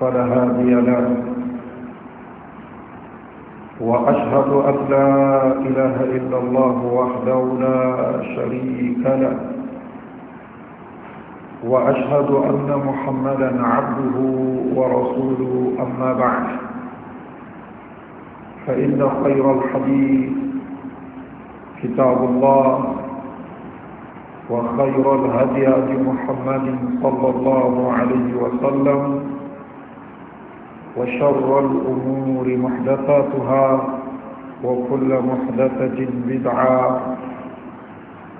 فلا هادي له وأشهد أن لا إله إلا الله وحده لا شريك له وأشهد أن محمدا عبده ورسوله أما بعد فإن خير الحديث كتاب الله وخير الهدي محمد صلى الله عليه وسلم وشر الأمور محدثاتها وكل محدثة بدعة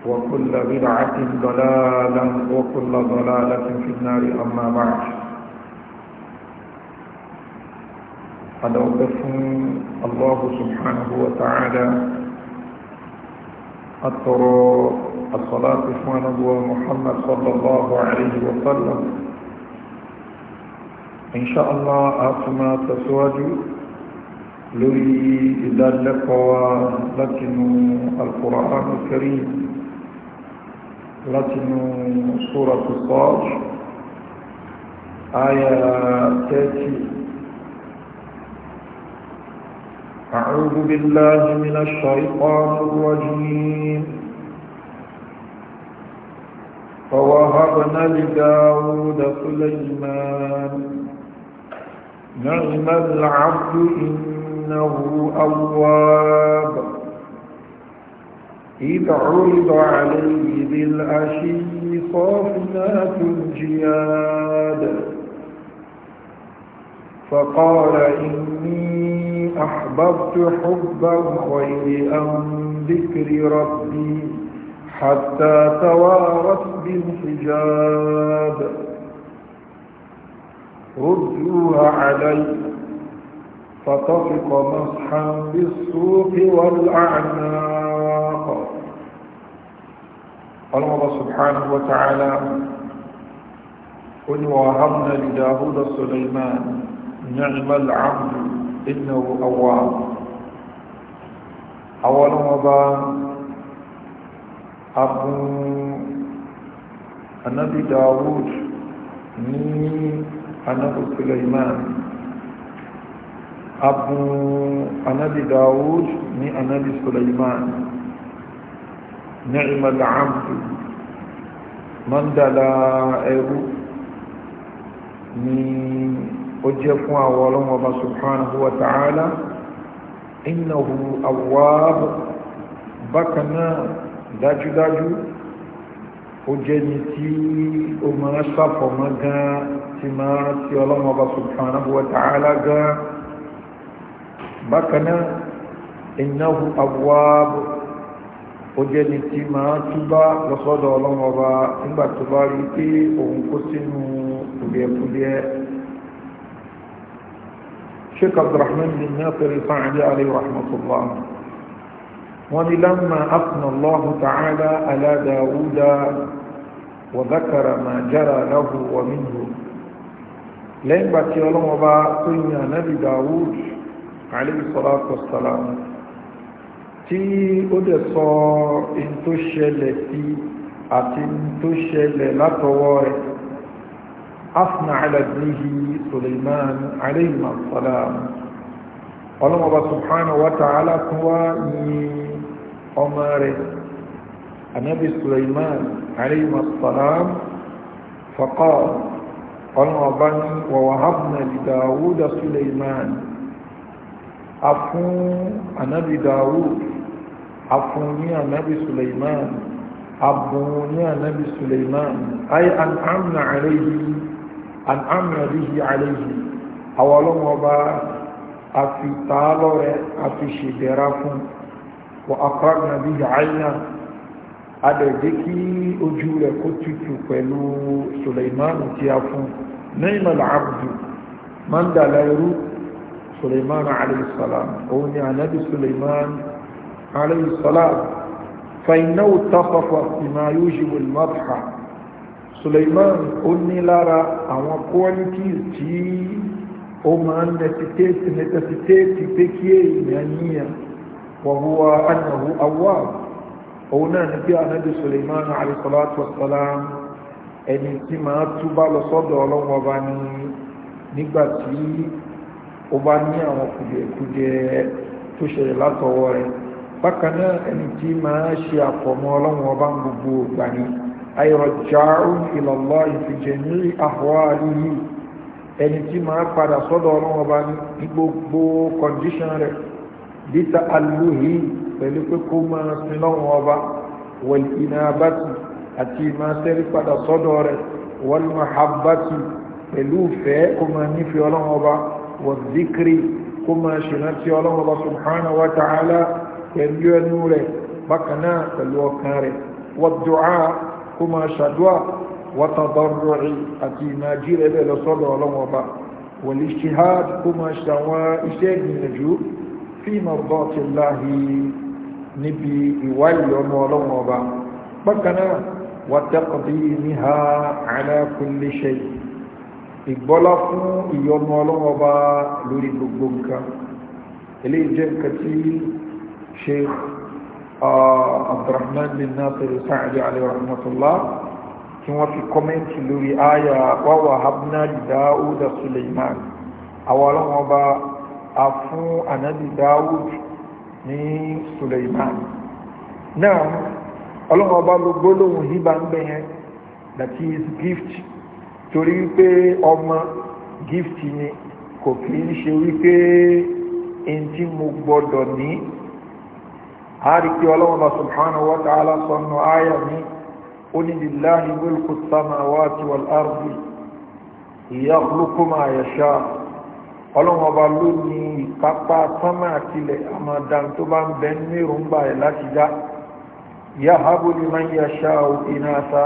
وكل بدعة ضلالة وكل ضلالة في النار أما بعد قد الله سبحانه وتعالى أترى الصلاة على محمد صلى الله عليه وسلم ان شاء الله اسما تسواجو لوي لقوا لكن القران الكريم لكن سوره الصاد آية تأتي أعوذ بالله من الشيطان الرجيم فوهبنا لداود سليمان نعم العبد إنه أواب إذ عرض عليه بالعشي صافنات الجياد فقال إني أحببت حب الخير أم ذكر ربي حتى توارث بالحجاب ردوها علي فطفق مسحا بالسوق والأعناق الله سبحانه وتعالى قل وهبنا لداود سليمان نعم العبد إنه أواب أول مضى أبو النبي داود ني anábì Suleiman abun anábì Dawud ní anábì Suleiman نعم العبد من دلا ẹrú ni ó jẹ́ fún àwọn ọlọ́run ọba subhanahu wa ta'ala innahu awwab bákan náà dájúdájú ó ni tí ó máa sáfọ̀ mọ́ gan ti máa rántí ọlọ́run ọba subhanahu wa ta'ala gan bákan náà innahu awwab ó jẹ́ ni tí máa túbá lọ́sọ́dọ̀ ọlọ́run ọba nígbà tó bá rí pé òun kó sínú kùdìẹ̀kùdìẹ̀ sheikh abdulrahman bin nasir sa'adi alayhi rahmatullah wọ́n ní lamma afna allahu ta'ala ala dawuda wa dhakara ma jara lahu wa minhu lẹ́yìn gbà tí ọlọ́wọ́ bá tó yìn ànábì Dawud alayhi salatu wassalam tí ó dẹ̀ sọ in tó ṣẹlẹ̀ sí àti in tó ṣẹlẹ̀ látọwọ́ rẹ̀ afna ala ibnihi Sulaiman alayhi salam ọlọ́wọ́ bá subhanahu wa ta'ala tún wá yìn ọmọ rẹ̀ ànábì Sulaiman alayhi ọlọ́ọ̀bá ní wọ̀wọ̀hábùnà ìdáwúdà Suleiman afún anábì Dawud afún ní anábì Suleiman abùn ní anábì Suleiman ay an'amna alayhi an'amna bihi alayhi àwọn ọlọ́ọ̀bá afi tààlọ́rẹ̀ afi ṣèdẹ̀ra fún wa akọ́rọ̀ nàbí àìyàn adẹ̀jẹ́ kí ojú rẹ̀ kó tutù pẹ̀lú Suleimanu tí a fún ni'mal abdu mandala irú Suleiman aleyhisselam òun ni anabi Suleiman aleyhisselam fainahu tafafa bima yujibu al-madha Suleiman ó ní lára àwọn qualities tí ó máa ń necessitate necessitate pé kí èèyàn yíyan wa annahu awwab òun náà ní bí anábì Suleiman alayhisalatu wasalam ẹni tí máa túbá lọ sọ́dọ̀ ọlọ́run ọba ní nígbà tí ó bá ní àwọn kùdìẹ̀kùdìẹ̀ tó ṣẹlẹ̀ látọwọ́ rẹ̀ bákan náà ẹni tí máa ṣe àfọ̀mọ́ ọlọ́run ọba ń gbogbo ìgbà ni ayọ̀jáàrùn ìlọ́lọ́ ìfìjẹ̀mí àhọ́àríyí ẹni tí máa padà sọ́dọ̀ ọlọ́run ọba ní gbogbo kọ̀ndíṣàn rẹ̀ bíta alúhìí pẹ̀lú pé kó máa sin lọ́wọ́ ọba wal inabati àti máa sẹ́rí padà sọ́dọ̀ rẹ̀ wal mahabbati pẹ̀lú ìfẹ́ kó máa nífẹ̀ẹ́ ọlọ́wọ́ ọba wazikri kó máa ṣèrántí ọlọ́wọ́ ọba subhanahu wa ta'ala pẹ̀lú ẹnu rẹ̀ bákan náà pẹ̀lú ọkàn rẹ̀ wàdùá kó máa ṣàdúà wàtàdọ́rọ̀rì àti nàìjíríà ẹ̀bẹ̀ lọ́sọ́dọ̀ ọlọ́wọ́ ọba wal-ijtihad kó máa ṣàwọn iṣẹ́ ìgbìyànjú fi mardati Allahi níbi ìwá ìyọnu ọlọ́run ọba bákan náà wàtẹ́kọ̀tì ní ha ala kulli shay ìgbọ́lá fún ìyọnu ọlọ́run ọba lórí gbogbo nǹkan eléyìí jẹ́ nǹkan tí sheikh abdulrahman bin nasir sa'adi alayhi rahmatullah tí wọ́n fi kọ́mẹ́ntì lórí àyà wa wahabna ní Suleiman náà ọlọ́run ọba ló gbólóhùn hibà ń bẹ̀ yẹn that is gift torí wípé ọmọ gift ni kò kì í ṣe wípé ẹni tí mo gbọ́dọ̀ ní àríkí ọlọ́run ọba subhanahu wa ta'ala sọnù àyà mi ó ní lillahi mulku samawati wal ardi yakhluqu ma yasha' ọlọ́run ọba ló ní ìkápá sánmà àtìlẹ̀ àmàdàn tó bá ń bẹ ní èròǹgbà ẹ̀ láti dá yahabu liman yasha'u inasa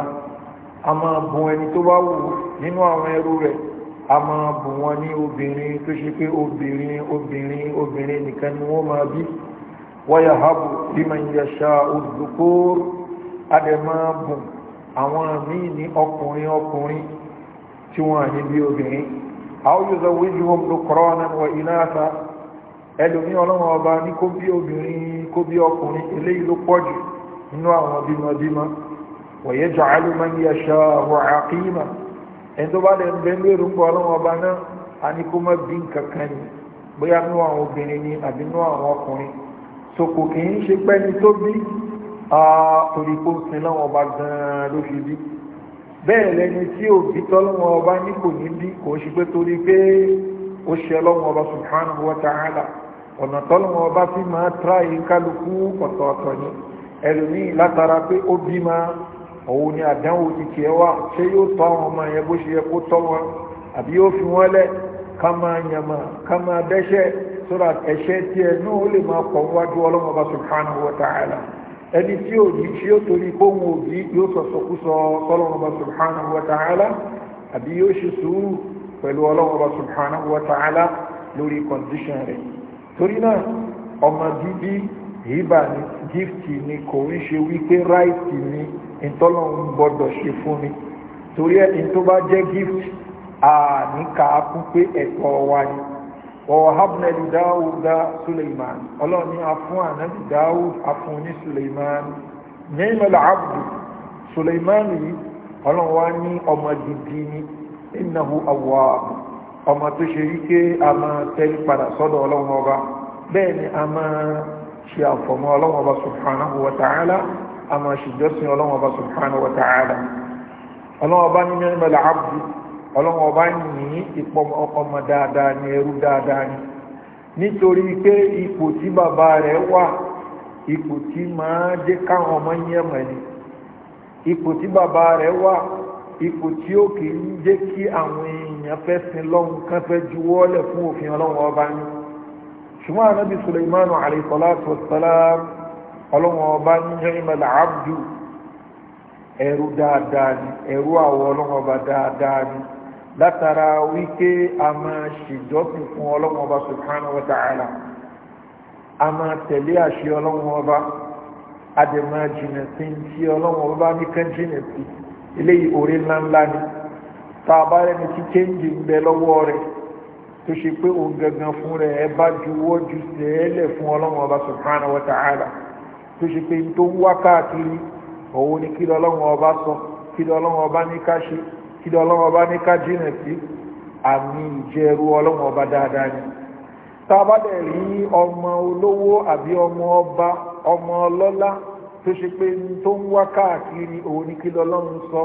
a máa bùn ẹni tó bá wù nínú àwọn ẹrù rẹ̀ a máa bùn wọn ní obìnrin tó ṣe pé obìnrin ni wọ́n máa bí máa àwọn míì ní ọkùnrin obìnrin àwọn yóò zọwọ́ ìjú wọn ló kọ́rọ́ náà iná àta ẹlòmí ọlọ́wọ́ ọba ní kó bí obìnrin kó bí ọkùnrin eléyìí ló pọ̀ jù nínú àwọn bímọbímọ wọ̀yẹ́ jọ alùmọ́ ní ẹ̀ṣọ́ àwọn àkíyìmọ̀ ẹni tó bá lè ń bẹ lérò ń bọ̀ ọlọ́wọ́ kankan ni bóyá nínú àwọn obìnrin ni àbí nínú àwọn ọkùnrin so kò kì í ṣe pẹ́ni tó bí torí kó sin lọ́wọ́ ọba gan-an fi bí bẹ́ẹ̀ lẹ́ni tí òbí tọ́lọ́wọ́ ọba ní kò ní bí kò ṣe pé torí pé ó ṣe ọlọ́wọ́ ọba subhanahu wa ta'ala ọ̀nà tọ́lọ́wọ́ ọba fi máa tráì kálukú ọ̀tọ̀ọ̀tọ̀ ni ma òun ni àdánwò wá ṣé yóò tọ́ àwọn ọmọ yẹn bó ṣe fi wọ́n lẹ̀ ká máa ká máa tiẹ̀ náà ó lè máa pọ̀ wájú ọlọ́wọ́ ọba ta'ala ẹni tí ò ní tí ó torí kóhun òbí yóò sọ̀sọ̀kúsọ sọ́lọ́run ọba subhanahu wa ta'ala àbí yóò ṣe sùúrù pẹ̀lú ọlọ́run ọba subhanahu wa ta'ala lórí condition rẹ̀ torí náà ọmọ bíbí hibà ni gift ni kò ń ṣe wípé right ni ìtọ́lọ́run gbọ́dọ̀ ṣe fún mi torí ẹni tó bá jẹ́ gift àníkàákún pé ẹ̀tọ́ wa ni. ووهبنا لداود سليمان الله ني عفوان داود عفوني سليمان نعم العبد سليمان الله واني أما جديني إنه أواب أما تشريك أما تلقى صدى الله وبا بين أما شافما الله وبا سبحانه وتعالى أما شجرسي الله وبا سبحانه وتعالى الله وبا نعم العبد ọlọ́wọ́n ọba ní ipò ọmọ dáadáa ní ẹrú dáadáa ní nítorí pé ipò tí bàbá rẹ̀ wà ipò tí máa jẹ́ káwọn ọmọ yẹn mọ̀ ni ipò tí bàbá rẹ̀ wà ipò tí ó kì í jẹ́ kí àwọn èèyàn fẹ́ sin lọ́hùn kan fẹ́ juwọ́lẹ̀ fún òfin ọlọ́wọ́n ọba ní ṣùgbọ́n anábì suleimanu alayhi salatu wassalam ọlọ́wọ́n ní ni'mal abdu ẹrú dáadáa ni ẹrú àwọn ọlọ́wọ́n ọba dáadáa ni látara wípé a máa ṣèjọ́sìn fún ọlọ́run ọba subhanahu wa ta'ala a máa tẹ̀lé àṣẹ ọlọ́run ọba a dẹ̀ máa jìnà sí tí ọlọ́run ọba ní kan jìnà sí eléyìí orí ńláńlá ni tá a bá rẹni tí kéńjì ń bẹ lọ́wọ́ rẹ̀ tó ṣe pé òun gangan fún rẹ̀ ẹ bá juwọ́ ju sẹ́ẹ̀lẹ̀ fún ọlọ́run ọba subhanahu wa ta'ala tó ṣe pé tó wá káàkiri òun ni kí lọ́lọ́run ọba sọ kí lọ́lọ́run ọba ní ká ṣe kí ni ọlọ́run ọba ní ká jìnà sí àmì ìjẹrú ọlọ́run ọba dáadáa ni tá a bá dẹ̀ rí ọmọ olówó àbí ọmọ ọba ọmọ ọlọ́lá tó ṣe pé tó ń wá káàkiri òun ni kí ni ọlọ́run sọ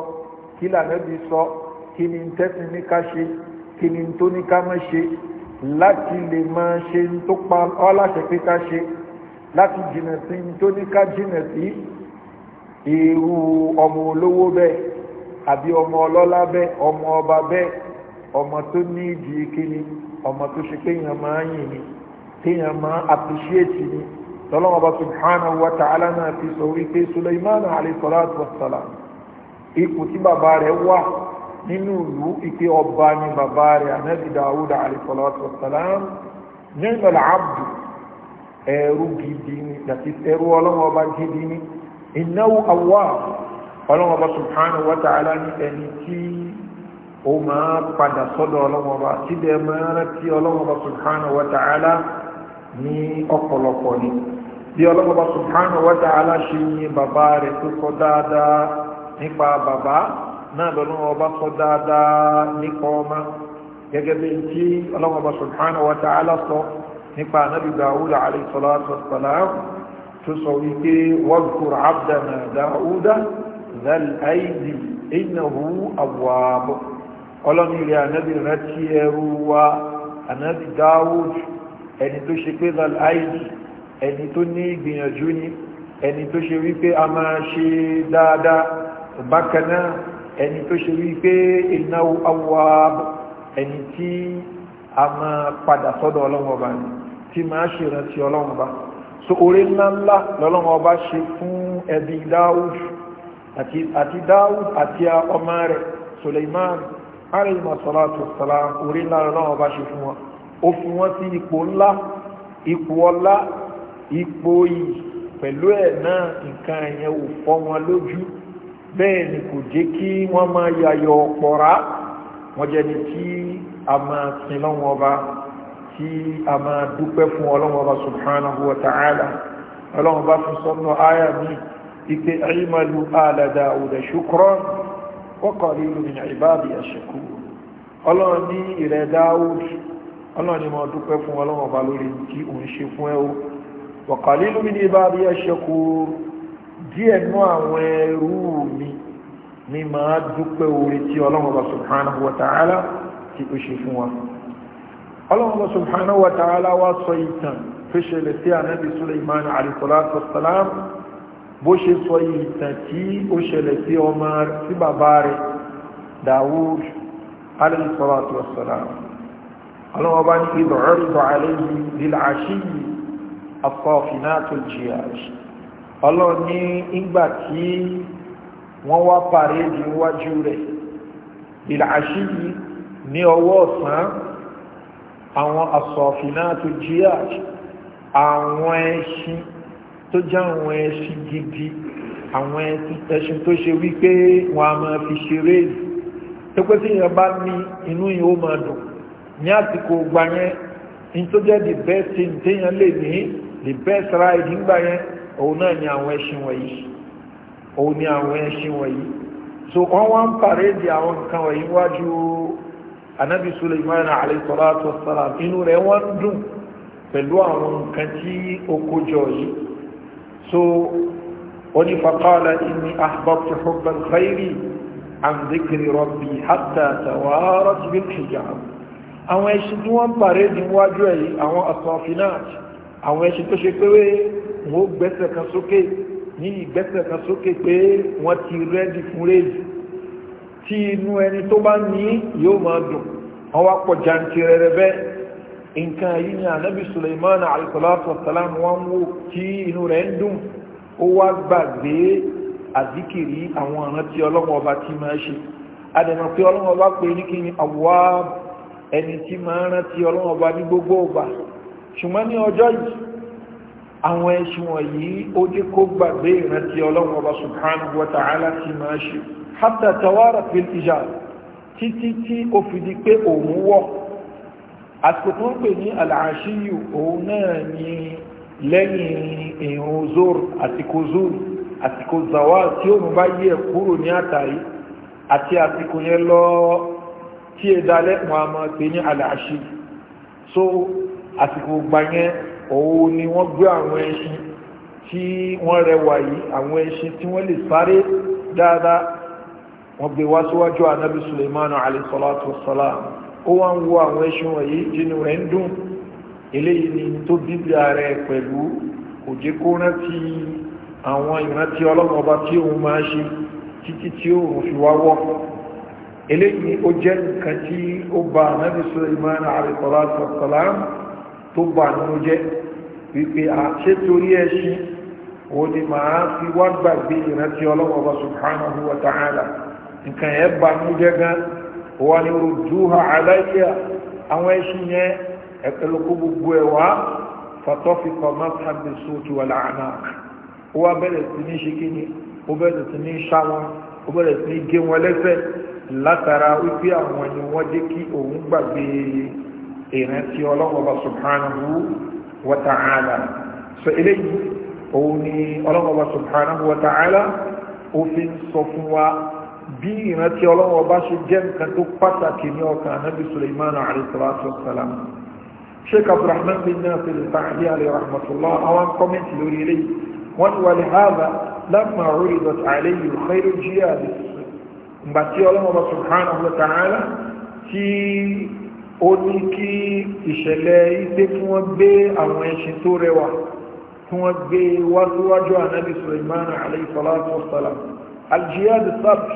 kí lànàbí sọ kí ni tẹ́sí ní ká ṣe kí ni tó ní ká má ṣe láti lè máa ṣe tó pa ọláṣẹ pé ká ṣe láti jìnà sí tó ní ká jìnà sí irú ọmọ olówó bẹ́ẹ̀ àbí ọmọ ọlọ́lá bẹ́ẹ̀ ọmọ ọba bẹ́ẹ̀ ọmọ tó ní ìdí kíni ọmọ tó ṣe kéèyàn máa ń yìn ni kéèyàn máa appreciate ni tọ́lọ́mọba subhanahu wa ta'ala náà fi sọ wípé Sulaiman alayhi salatu wa salam ipò tí bàbá rẹ̀ wà nínú ìlú ìpé ọba ni bàbá rẹ̀ anábì Dawud alayhi wa salam ni'mal abdu ẹ̀rú gidi ni àti ẹ̀rú ọlọ́mọba gidi ni innahu awwab ọlọ́wọ́ bá subhanahu wa ta'ala ní ẹni tí ó máa padà sọ́dọ̀ ọlọ́wọ́ bá tí dẹ̀ máa rántí ọlọ́wọ́ bá subhanahu wa ta'ala ní ọ̀pọ̀lọpọ̀ ni bí ọlọ́wọ́ bá subhanahu wa ta'ala ṣe ní bàbá rẹ̀ tó sọ dáadáa nípa bàbá náà lọ́wọ́ bá sọ dáadáa nípa ọmọ gẹ́gẹ́ bí tí ọlọ́wọ́ bá subhanahu wa ta'ala sọ nípa anábì Dawud alayhi salatu zal aidi innahu awwab ọlọ́ni rẹ̀ anábì rántí ẹrú wa anábì Dawud ẹni tó ṣe pé zal aidi ẹni tó ní ìgbìyànjú ni ẹni tó ṣe wípé a máa ṣe dáadáa bákanáà ẹni tó ṣe wípé innahu awwab ẹni tí a máa padà sọ́dọ̀ ọlọ́wọ́ bá ní tí máa ṣe àti Dáúd àti ọmọ rẹ̀ Suleiman alayhi salatu wassalam orí ńlá náà bá ṣe fún wọn ó fún wọn sí ipò ńlá ipò ọlá ipò yìí pẹ̀lú ẹ̀ náà nǹkan ẹ̀yẹn ò fọ́ wọn lójú bẹ́ẹ̀ ni kò jẹ́ kí wọ́n máa yàyọ̀ ọ̀pọ̀ra wọ́n jẹ́ ni tí a máa sin lọ́wọ́ ọba tí a máa dúpẹ́ fún ọlọ́wọ́ ọba subhanahu wa ta'ala ọlọ́wọ́ ọba fún sọ́nà áyà míì ipe ìmọ̀lú àlàdà òdà ṣùkúrọ̀ wọ́kọ̀ lílu ní ìbáàbí àṣẹkù ọlọ́run ní ilẹ̀ dáwùd ọlọ́run ni mo dúpẹ́ fún ọlọ́run ọba lórí tí òun ṣe fún ẹ o wọ̀kọ̀ lílu ní ìbáàbí àṣẹkù díẹ̀ nú àwọn ẹrú mi ní máa dúpẹ́ orí tí ọlọ́run subhanahu wa ta'ala tí ó ṣe fún wa ọlọ́run subhanahu wa ta'ala wá sọ ìtàn tó ṣẹlẹ̀ sí ànábì bó ṣe sọ ìtàn tí ó ṣẹlẹ̀ sí ọmọ sí bàbá rẹ̀ Dawud alayhi salatu wassalam ọlọ́wọ́ bá ní ìbọ̀ ọ̀rọ̀ àlẹ́yìn lílàṣíyì afọ́fìnàtò jihaj ọlọ́wọ́ ní ìgbà ọwọ́ ọ̀sán àwọn afọ́fìnàtò jihaj àwọn ẹṣin tó já àwọn ẹṣin gidi àwọn ẹṣin tó ṣe wípé wọn a máa fi ṣeré tó pé tí ìyẹn bá ní inú yìí ó máa dùn ní àsìkò gbà yẹn tó jẹ́ the best thing téèyàn lè ní the best ride ńgbà yẹn òun náà ni àwọn ẹṣin wọ̀nyí òun ni àwọn ẹṣin wọ̀nyí so wọ́n wá so oni faqala inni ahbabtu hubba alkhairi an dhikri rabbi hatta tawarat bil hijab àwọn ẹṣin tí wọ́n bàrẹ́ ní wájú ẹ̀yí àwọn asafinat àwọn ẹṣin tó ṣe pé wọ́n gbẹ́sẹ̀ kan sókè ní ìgbẹ́sẹ̀ kan sókè pé wọ́n ti rẹ́dì fún rèjì tí inú ẹni tó bá ní yóò máa dùn wọ́n wá pọ̀ jàǹtì rẹ̀ bẹ́ẹ̀ nǹkan yìí ni ànábì suleiman alayhisalatu wasalam wọn wò tí inú rẹ̀ ń dùn ó wá gbàgbé àdíkìrí àwọn ìrántí ọlọ́wọ́ ọba tí máa ṣe adẹ̀mọ̀ pé ọlọ́wọ́ ọba pé ní kí ni àwọ̀ ẹni tí máa rántí ọlọ́wọ́ ọba ní gbogbo ọba ṣùgbọ́n ní ọjọ́ yìí àwọn ẹṣin wọ̀nyí ó jẹ́ kó gbàgbé ìrántí ọlọ́wọ́ ọba subhanahu wa ta'ala tí máa ṣe hatta tawara fil ijab títí tí ó fi di pé òun wọ̀ àsìkò tó ń pè ní àlàáṣíyù òun náà ni lẹ́yìn ìrun zor àsìkò zor àsìkò zawal tí ó mú bá yí ẹ̀ kúrò ní àtàrí àti àsìkò yẹn lọ tí è dalẹ̀ wọn a máa pè ní àlàáṣí so àsìkò gbà yẹn òun ni wọ́n gbé àwọn ẹṣin tí wọ́n rẹwà yìí àwọn ẹṣin tí wọ́n lè sáré dáadáa wọ́n gbé wá síwájú anabi suleiman alayhi salatu wa salam ó wá ń wo àwọn ẹṣin wọ̀nyí inú rẹ̀ ń dùn eléyìí ni tó bíbí ààrẹ pẹ̀lú kò jẹ́ kó rántí àwọn ìrántí ọlọ́mọba tí òun máa ṣe títí tí òun fi wá wọ́ eléyìí ó jẹ́ nǹkan tí ó ba ànábì Suleiman àrẹ̀tọ́lá sọ̀tọ̀lá tó bà nínú jẹ́ wípé àṣetorí ẹṣin ó ní máa fi wá gbàgbé ìrántí ọlọ́mọba subhanahu wa ta'ala nǹkan ẹ̀ bà nínú jẹ́ gan-an wà ní rùjúhà aláìyà àwọn ẹṣin yẹn ẹ̀pẹ̀lúkú gbogbo ẹ̀ wá fàtọ́fikọ̀ mọ́tàbí sóòtù wà láàánà ó wá bẹ̀rẹ̀ sí ní ṣe kíni ó bẹ̀rẹ̀ sí ní ṣá wọn ó bẹ̀rẹ̀ sí ní gé wọn lẹ́sẹ̀ látara wípé àwọn ni wọ́n jẹ́ kí òun ọlọ́wọ́ bá subhanahu wa ta'ala so eléyìí òun ni ọlọ́wọ́ bá subhanahu wa ta'ala ó fi sọ fún wa bí ìrántí ọlọ́wọ́ bá ṣe jẹ́ nǹkan tó pàtàkì ní ọkàn anábì suleiman alayhisalaam sheikh abdulrahman bin nasir sa'adi alayhi rahmatulah àwọn kọ́mẹ́ntì lórí ilé wọn wà ní hàdà lápá orí dọ̀tí àlẹ́yìn ìfẹ́rẹ́ jíà ìgbà tí ọlọ́wọ́ bá subhanahu wa ta'ala tí ó ní kí ìṣẹ̀lẹ̀ ìgbé kí wọ́n gbé àwọn ẹṣin tó rẹwà kí wọ́n gbé wájúwájú anábì suleiman alayhisalaam aljihad sábì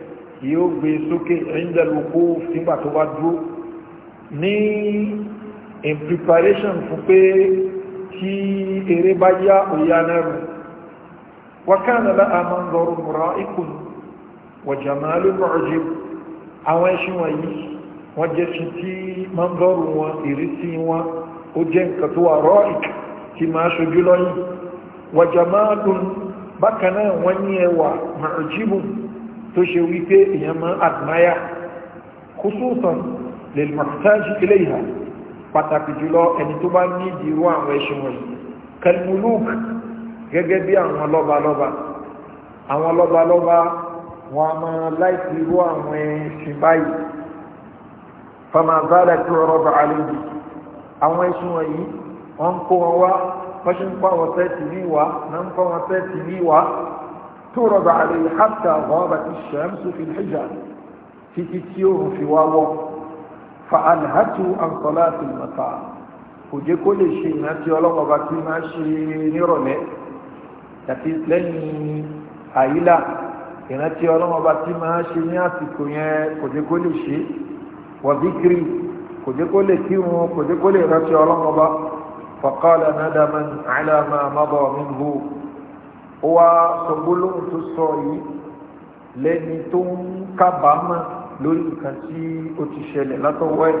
yóò gbé sókè ẹ̀yìndẹ̀lùkú nígbà tó bá dúró ní in preparation fún pé kí eré bá yá òyà nẹ́rù wákàtí lá àmà ń lọrù múra ikùn wàjàmálù mọ̀ọ́jì àwọn ẹṣin wọ̀nyí wọ́n jẹ́ ṣe tí máa ń lọrù wọn ìrísí wọn ó jẹ́ nǹkan tó wà rọ́ìk tí máa ṣojú lọ́yìn wàjàmálù bákan wọ́n ní ẹwà mọ̀ọ́jì tó ṣe wípé èèyàn máa admire khususan lè mọ̀tájì ilé ìhà pàtàkì jùlọ ẹni tó bá ní ìdíwọ́ àwọn ẹṣin wọ̀nyí kalmuluk gẹ́gẹ́ bí àwọn lọ́balọ́ba àwọn lọ́balọ́ba wọn a máa láìsí irú àwọn ẹṣin báyìí fama zala tí ọ̀rọ̀ bá àlejò àwọn ẹṣin wọ̀nyí wọ́n kó wọn wá wọ́n ṣe ń pa wọn sẹ́ẹ̀tì ní ìwà náà ń pa wọn sẹ́ẹ̀tì ní ìwà تورد عليه حتى غابت الشمس في الحجاب في تتيور في واو فأنهته عن صلاة المساء وجي كل شيء ناتي ولا غباتي ماشي نيروني تاتي لين àyílà ìrántí ọlọ́wọ́ bá tí máa ṣe ní àsìkò yẹn kò jẹ́ kó lè ṣe wàbíkiri kò jẹ́ kó lè kírun kò jẹ́ kó lè rántí ọlọ́wọ́ bá faqala nadaman ala ma mada minhu ó wá sọ gbólóhùn tó sọ yìí lẹ́ni tó ń kábàámọ̀ lórí nǹkan tí ó ti ṣẹlẹ̀ látọwọ́ ẹ̀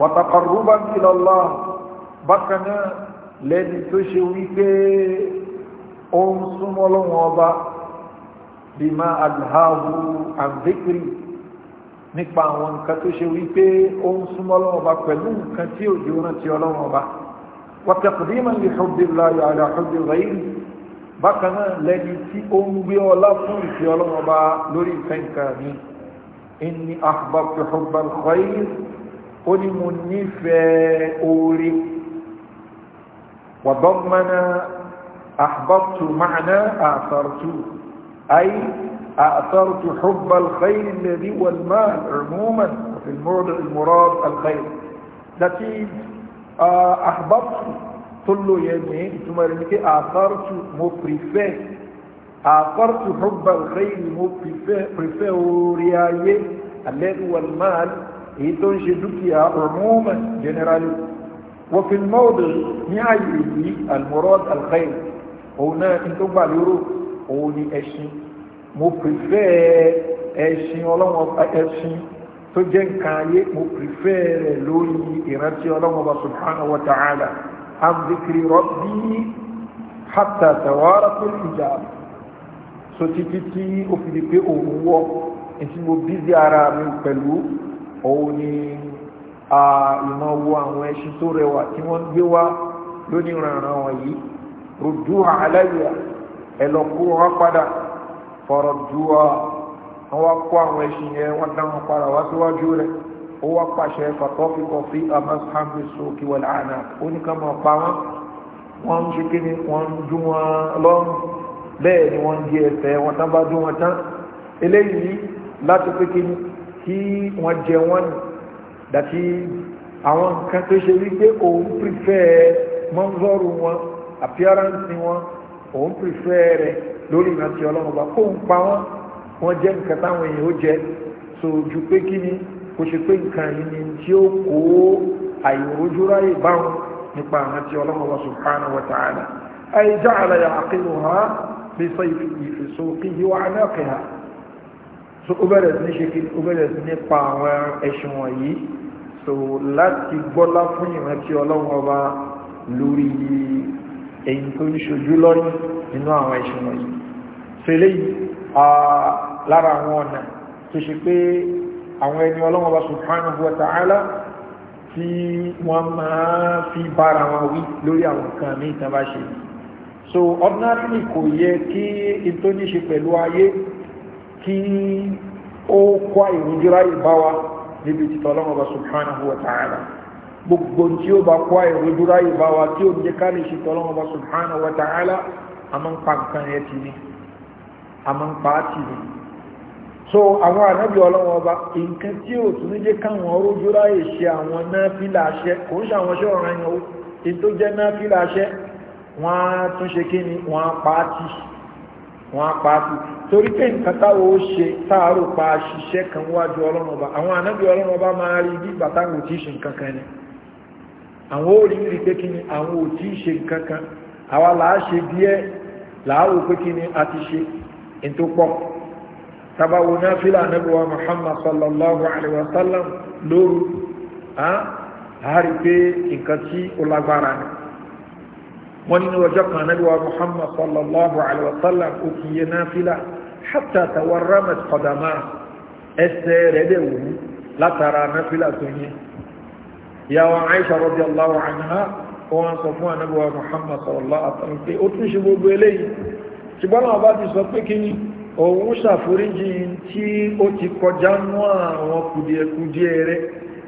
wàtàkọ̀rúbà kìlọ́lá bákan náà lẹ́ni tó ṣe wípé ó ń súnmọ́ lọ́wọ́ ọba bímá alhahu andekiri nípa àwọn nǹkan tó ṣe wípé ó ń súnmọ́ lọ́wọ́ ọba pẹ̀lú nǹkan tí òjò rántí ọlọ́wọ́ ọba wàtàkọ̀rúbà kìlọ́lá yàrá ọdún rẹ̀ yìí bákan náà lẹ́ni tí ó ń gbé ọlá fún ìfẹ́ ọlọ́run bá lórí nǹkan ní mi inni ahbabtu hubbal khayr ó ní mo nífẹ̀ẹ́ oore wàdọ́mọ́nà ahbabtu ma'na àtàrtù ay أأثرت حب الخير الذي والمال عموما وفي المراد المراد الخير لكن أحببت tó lò yẹn ní ìtumọ̀ rẹ̀ ní pé àfárùtù mo pìfẹ́ àfárùtù hubba al-khayr mo pìfẹ́ orí ayé alẹ́nu wàlmáàlì èyí tó ń ṣe dúkìá ọ̀mọ́mọ̀ jẹnẹrálì وفي الموضع نعيه المراد الخير هنا انتو بالورو هوني اشي mo prefer ẹṣin ọlọ́wọ́ ẹṣin tó jẹ́ nǹkan ayé mo prefer rẹ̀ lórí ìrántí subhanahu wa ta'ala عن ذكر ربي حتى توارت الحجاب sotikiti ó fi di pé òun wọ ètí mo bízi ara mi pẹ̀lú òun ni ìmọ̀ wo àwọn ẹṣin tó rẹwà tí wọ́n gbé wá lónìí rànran wọ̀nyí rùdúwà aláìyá ẹ̀lọ́kú wọn padà fọ̀rọ̀ dúwà wọn wá kó àwọn ẹṣin yẹn wọ́n dá padà wá síwájú rẹ̀ ó wá pàṣẹ fàtọ́fíkọ fi amasahamu sókè wà láàánà ó ní ká máa pa wọn wọn ń ṣe kí ni wọn ń dún wọn lọ́rùn bẹ́ẹ̀ ni wọ́n ń jẹ ẹsẹ̀ wọn tán bá dún wọn tán eléyìí láti pé kí ni kí wọ́n jẹ wọ́n nì dàtí àwọn nǹkan tó ṣe wípé òun pírífẹ́ mọ́ńsọ́rù wọn àpíáránsì wọn òun pírífẹ́ rẹ̀ lórí ìrántí ọlọ́run ọba kóun pa wọ́n wọ́n jẹ́ nǹkan táwọn èèyàn ó jẹ so ju pé kí ni kò ṣe pé nǹkan yìí ni tí ó kó àìrójú ráyè báwọn nípa àwọn tí ọlọ́mọba subhanahu wa ta'ala ay ja'ala ya'qiluha bí sọ ìfèsò kí yíwá anáàkìá so ó bẹ̀rẹ̀ sí ní ṣe kí ó bẹ̀rẹ̀ sí nípa àwọn ẹ̀sùn wọ̀nyí so láti gbọ́lá fún ìrántí ọlọ́mọba lórí èyí tó ń ṣojú lọ́yìn nínú àwọn ẹ̀sùn wọ̀nyí so eléyìí ah, lára àwọn ọ̀nà tó ṣe pé àwọn ẹni ọlọ́wọ́ bá subhanahu wa ta'ala tí wọ́n máa fi bára wọn wí lórí àwọn nǹkan ní ìtàn bá ṣe so ordinarily kò yẹ kí n tó ní ṣe pẹ̀lú ayé kí ó kọ́ ìrújúra ìbáwa níbi títọ́ ọlọ́wọ́ bá subhanahu wa ta'ala gbogbo tí ó bá kọ́ ìrújúra ìbáwa tí ó jẹ́ ká ṣe tọ́ ọlọ́wọ́ bá subhanahu wa ta'ala a máa ń pa nǹkan yẹn ti ni a ń pa á ti ni so àwọn ànábì ọlọ́wọ́ ọba nǹkan tí ò tún ní jẹ́ káwọn orójú ráyè ṣe àwọn náà fílà aṣẹ́ kò ń ṣàwọn ṣẹ́ ọ̀ràn yẹn o èyí tó jẹ́ náà fílà aṣẹ́ wọ́n á tún ṣe kí ni wọ́n á pa á tì wọ́n á pa á tì torí pé nǹkan táwo ó ṣe táàrò pa ṣiṣẹ́ kan wájú ọlọ́run ọba àwọn ànábì ọlọ́run tabawo náfílà anábíwá muhammad sallallahu alaihi wasallam lóru àárí pé nǹkan tí ó lágbára ni wọ́n nínú ọjọ́ kan anábíwá muhammad sallallahu alaihi wasallam ó kì í yẹ náfílà hatta tawarramat qadama ẹsẹ̀ rẹ̀ dẹ̀ wù látara náfílà tó yẹ ìyàwó aisha radiyallahu anha wọ́n sọ fún anábíwá muhammad sallallahu alaihi wasallam pé ó tún ṣe gbogbo eléyìí ṣùgbọ́n àwọn bá ti sọ pé kí ni òun ṣàforíjì tí ó ti kọjá nú àwọn kùdìẹ̀kùdìẹ̀ rẹ̀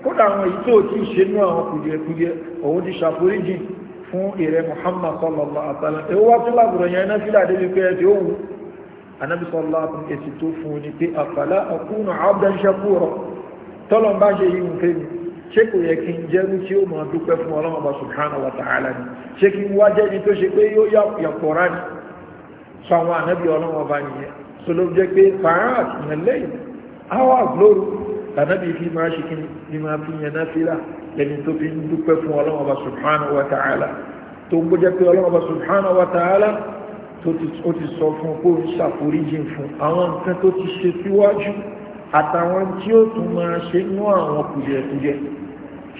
kódà àwọn èyí tó ti ṣe nú àwọn kùdìẹ̀kùdìẹ̀ òun ti ṣàforíjì fún ìrẹ Muhammad sallallahu alaihi wasallam èwo wá tún lábùrọ̀ yẹn náà fílà débi pé ẹ̀ tí ó wù anábì sallallahu alaihi wasallam èsì tó fún ni pé àfàlà akunu abdan shakura tọ́lọ̀ bá ṣe yìí ń fẹ́ mi ṣé kò yẹ kí n jẹ́rú tí ó máa dúpẹ́ fún ọlọ́run bá subhanahu wa ta'ala ni ṣé kí n wá jẹ́ni tó ṣe pé yóò yàpọ̀ra ni sọ àwọn ànábì ọlọ́run ọba nìyẹn so ló jẹ́ pé sàárà ìrìnlẹ́yìn hours lóru tànàbí fi máa ṣe kí ni máa fi yẹn náà fílà lẹ́ni tó fi ń dúpẹ́ fún ọlọ́wọ́ bá subhanahu wa ta'ala tó ń gbọ́jẹ́ pé ọlọ́wọ́ bá subhanahu wa ta'ala tó ti sọ fún kó ń ṣàforíjìn fún àwọn nǹkan tó ti ṣe síwájú àtàwọn tí ó tún máa ṣe nú àwọn kùjẹkùjẹ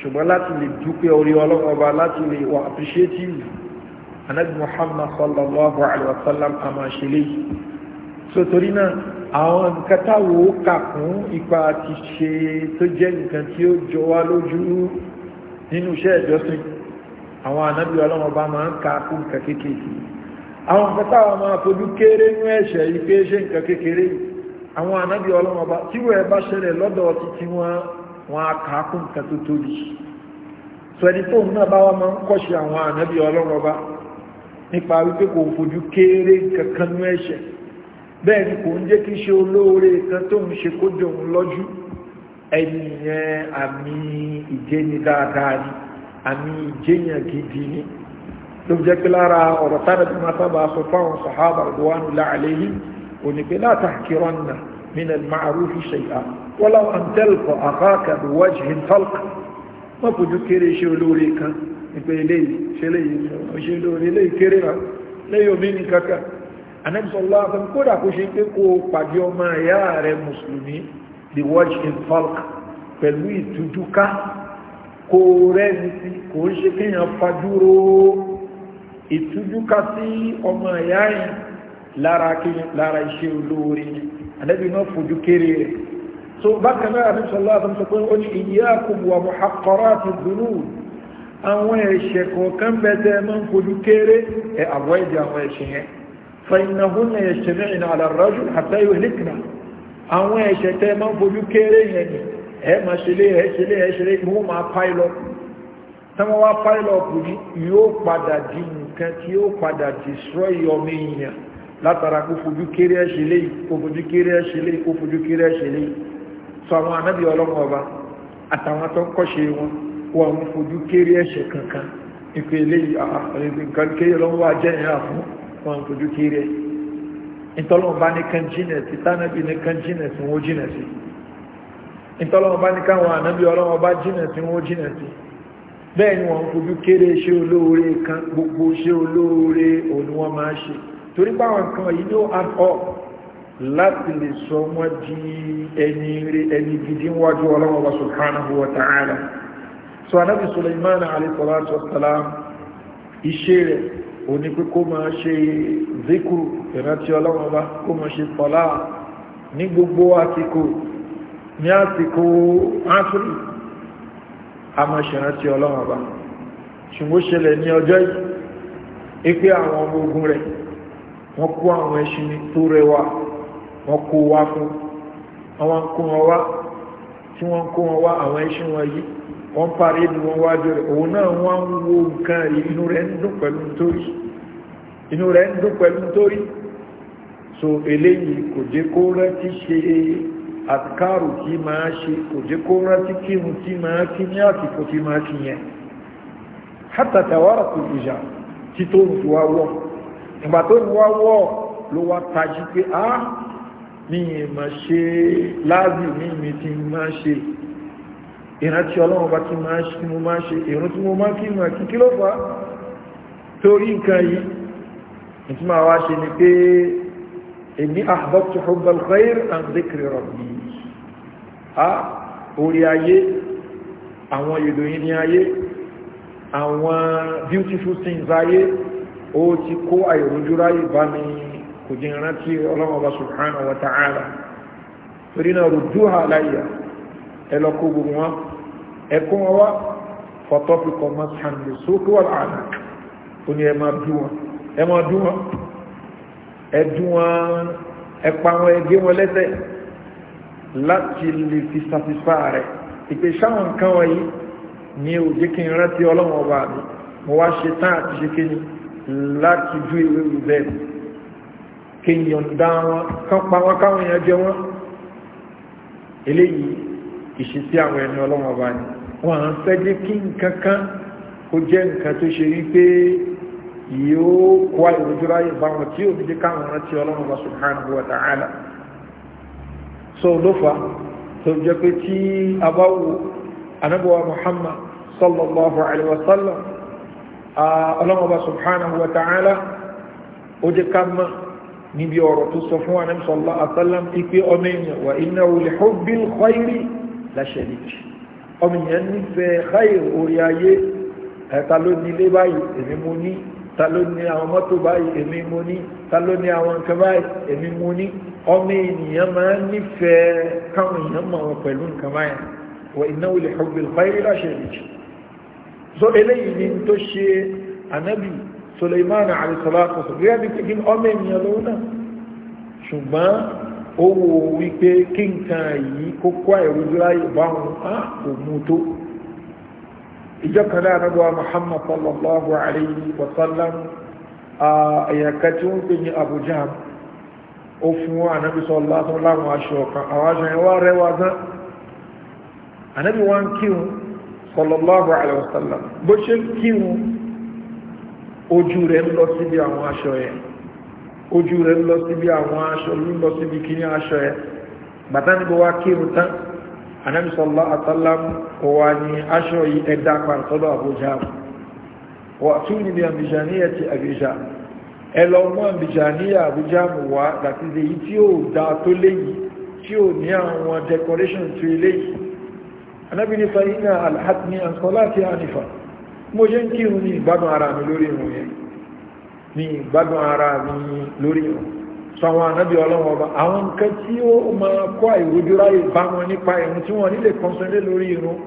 ṣùgbọ́n láti lè dúpẹ́ orí ọlọ́wọ́ bá láti lè wà appreciative anabi muhammad sallallahu alaihi wa sallam a máa ṣe léyìí so torí náà àwọn nǹkan táwo kà kún ipa ti ṣe tó jẹ́ nǹkan tí ó jọ wá lójú nínú iṣẹ́ ìjọsìn àwọn ànábì ọlọ́run bá máa ń ka kú nǹkan kékeré àwọn nǹkan táwa máa fojú kéré ní ẹ̀ṣẹ̀ yìí pé ṣe nǹkan kékeré àwọn ànábì ọlọ́run tí wọ́n bá ṣẹlẹ̀ lọ́dọ̀ títí wọn wọn á ka kú nǹkan tó tóbi sọ ẹni tóun náà bá wá máa ń kọ́ṣe àwọn ànábì ọlọ́run nípa wípé kò fojú kéré kankan ní ẹ̀ṣẹ̀ bẹ́ẹ̀ ni kò ń jẹ́ kí ṣe olóore kan tó ń ṣe kójọ òun lọ́jú ẹnìyàn àmì ìjẹni dáadáa ni àmì ìjẹyàn gidi ni ló jẹ́ pé lára ọ̀rọ̀ tára bí máa sábà sọ fáwọn sàhábà ọ̀dọ́wánu láàlẹ́yí ònípe láta kírọ́nà nínú ma'arufi ṣẹ̀yà wọ́n láwọn àǹtẹ́lùkọ̀ àfáàkà bí wájìhìn tọ́lkà wọ́n fojú kéré ṣe olóore kan nípa ṣe léyìí ṣe olóore eléyìí kéré rà lẹ́yìn omi ní kankan anẹ́bìsọ̀lá fún kódà kó ṣe pé kó pàdé ọmọ ẹ̀yà rẹ̀ mùsùlùmí the watch in falk pẹ̀lú ìtújúká kó rẹ̀ ní sí kò ń ṣe kíyàn fajúró ìtújúká sí ọmọ ẹ̀yà yìí lára iṣẹ́ olóorí anẹ́bì náà fojú kéré rẹ̀ so bákan náà anẹ́bìsọ̀lá fún sọ pé ó ní iyyakum فإنهن يجتمعن على الرجل حتى يهلكنا àwọn ẹ̀ṣẹ̀ tẹ́ máa ń fojú kéré yẹn ni ẹ máa ṣeré ẹ ṣeré ẹ ṣeré mú máa pilot tánwọ́ wá pilot ní yóò padà di nǹkan tí yóò padà destroy ọmọ èèyàn látara kó fojú kéré ẹ ṣeré kó fojú kéré ẹ ṣeré kó fojú kéré ẹ sọ àwọn anábì ọlọ́run ọba àtàwọn tó kọ́ṣe wọn wọ́n àwọn fojú kéré ẹ̀ṣẹ̀ kankan ìpele wọn ń kojú kiri ẹ̀ ntọ́lọ́mọba ní kan jìnà sí tánàbí ní kan jìnà sí wọn jìnà sí ntọ́lọ́mọba ní káwọn ànábí ọlọ́mọba jìnà sí wọn jìnà sí bẹ́ẹ̀ ni wọ́n kojú kéré ṣe olóore kan gbogbo ṣe olóore òun wọ́n máa ṣe torí báwọn kan yìí ló add up láti lè sọ wọ́n di ẹni rí ẹni gidi wájú ọlọ́mọba subhanahu wa ta'ala so ànábì Sulaiman alayhi salatu wa salam iṣẹ́ rẹ̀ òní pé kó máa ṣe zikuru ìrántí ọlọ́run ọba kó máa ṣe tọ́lá ní gbogbo àsìkò ní àsìkò áfírí a máa ṣe ìrántí ọlọ́run ọba ṣùgbọ́n ṣẹlẹ̀ ní ọjọ́ yìí ipé àwọn ọmọ ogun rẹ̀ wọ́n kó àwọn ẹṣin tó rẹwà wọ́n kó wá fún àwọn kó wọn wá tí wọ́n kó wọn wá àwọn ẹṣin wọn yìí wọ́n parí ìlú wọn wájú rẹ̀ òun náà wọ́n wo nǹkan inú rẹ̀ ń dùn pẹ̀lú nítorí inú rẹ̀ ń dún pẹ̀lú torí so eléyìí kò jẹ́ kó rántí ṣe àtikárù tí máa ṣe kò jẹ́ kó rántí kírun tí máa kí ní àsìkò tí máa kí yẹn hátà tàwárà kò ìjà tí tó ń wá wọ̀ ìgbà tó ń wá ló wá tají pé a mi ì mà ṣe láàbì mi mi ti máa ṣe ìrántí ọlọ́run bá ti máa ṣe mo máa ṣe ìrántí mo máa kí mà kí kí ló fà torí nǹkan yìí ìtí máa wá ṣe ni pé èmi ahbabtu hubbal khair and dhikri rabbi a orí ayé àwọn ìròyìn ní ayé àwọn beautiful things ayé ó ti kó àìrójúra ìbá mi kò jẹ́ ìrántí ọlọ́mọba subhanahu wa ta'ala torí náà rùdúhà aláyà ẹlọ́kọ́ gbogbo wọn ẹkún wọn wá fọ́tọ́pìkọ̀ mashan sókè wà láàrín ó bí wọn ẹ máa dún wọn ẹ dún wọn ẹ wọn ẹ wọn lẹ́sẹ̀ láti lè fi satisfa rẹ̀ ìpè sáwọn nǹkan wọ̀nyí ni ò jẹ́ kí n rántí ọlọ́run ọba mi mo wá ṣe tán àti ṣe kí ni láti ju ìwé ìwé bẹ́ẹ̀ kí n yọ̀ǹda wọn kán pa wọn káwọn èèyàn jẹ wọn eléyìí ìṣesí àwọn ẹni ọlọ́run ọba ni wọn à ń fẹ́ jẹ́ kí nǹkan kan kó jẹ́ nǹkan tó ṣe wípé yóò kó àìrójúra yìí bá wọn tí òbí jẹ́ káwọn rántí ọlọ́run wa subhanahu wa ta'ala so ló fa tó jẹ́ pé tí a bá wo anábọ̀wá muhammad sallallahu alaihi wa sallam ọlọ́run ah, wa subhanahu wa ta'ala ó jẹ́ ká mọ́ níbi ọ̀rọ̀ tó sọ fún anábì sallallahu alaihi wa sallam ipe ọmọ ènìyàn wa innahu li hubbil khayri la sharik ọmọ ènìyàn nífẹ̀ẹ́ khayr orí ayé ẹ̀ta eh, ló nílé báyìí èmi mo ní ta ló ní àwọn mọ́tò báyìí èmi mo ní ta ló ní àwọn nǹkan báyìí èmi mo ní ọmọ ènìyàn máa ń nífẹ̀ẹ́ káwọn èèyàn mọ̀ wọn pẹ̀lú nǹkan báyìí wọ innahu li hubbil khayri lashadid so eléyìí ni tó ṣe ànábì Suleiman àrísọ́láàtọ̀ gẹ́gẹ́ bí pé ọmọ ènìyàn lòun náà ṣùgbọ́n ó wípé kí nǹkan yìí kókó àìrújú báwọn á kò mú tó ìjọkànlá anábọ̀ muhammad sallallahu alayhi wa sallam àyàkà tí ó ń pè ní abu jahl ó fún anábì sallallahu láwọn aṣọ ọ̀kan àwọn aṣọ ẹwà rẹwà gan anábì wọn kíhun sallallahu alayhi wa sallam bó ṣe kíhun ojú rẹ̀ ń lọ síbi àwọn aṣọ yẹn ojú rẹ̀ ń lọ síbi àwọn aṣọ ń lọ síbi kíní aṣọ yẹn bàtà níbo wá kírun tán anabi sallallahu alaihi wasallam wa ni aṣọ yìí ẹ̀dá kan sọ́dọ̀ àbújá wà tún níbi àbíjàníyà ti àbíjá ẹlọ́mọ́ àbíjàníyà àbújá mú wá láti èyí tí ó dá tó léyìí tí ó ní àwọn decoration tó léyìí anabi ní fahina alhatni ansola ti anifa sọ̀wọ́n ànábì ọlọ́wọ́ ọba àwọn nǹkan tí ó máa kọ́ ìrójú ráyè bá wọn nípa ẹ̀rùn tí wọ́n nílè kọ́nsẹ́lé lórí irun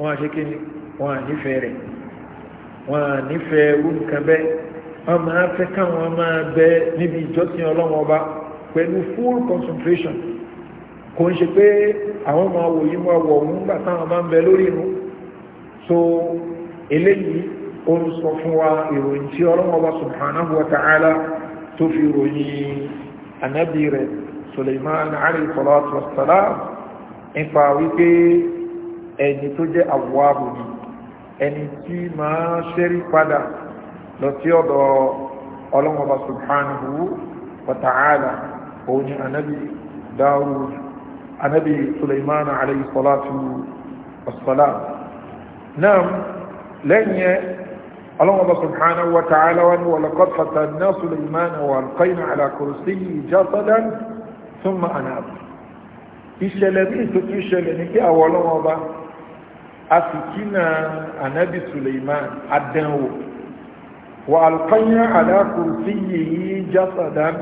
wọn ni kíni wọn ànífẹ́ rẹ̀ wọn ànífẹ́ ewu nǹkan bẹ́ẹ̀ wọn máa fẹ́ káwọn máa bẹ níbi ìjọsìn ọlọ́wọ́ ọba pẹ̀lú full concentration kò ń ṣe pé àwọn máa wò yí máa wọ̀ ọ̀hún nígbà táwọn máa ń bẹ lórí irun so eléyìí ó ń sọ fún wa ìròyìn tí ọlọ́wọ́ ọba subhanahu wa ta'ala tó fi ròyìn ànábì rẹ̀ Suleiman alayhi salatu wassalam nípa wípé ẹni tó jẹ́ àwọ̀wáàbù ni ẹni tí máa ṣẹ́rí padà lọ sí ọ̀dọ̀ ọlọ́mọba subhanahu wa ta'ala òun ni ànábì Dawud ànábì Suleiman alayhi salatu wassalam náà lẹ́yìn الله سبحانه وتعالى ولقد فتنا سليمان والقينا على كرسيه جسدا ثم اناب ìṣẹ̀lẹ̀ ní ìtòtú ìṣẹ̀lẹ̀ ní kí àwọn ọlọ́wọ́ bá a sì kí na anabi suleiman adánwò wà alkanya alákùrù sí yìí jásàdán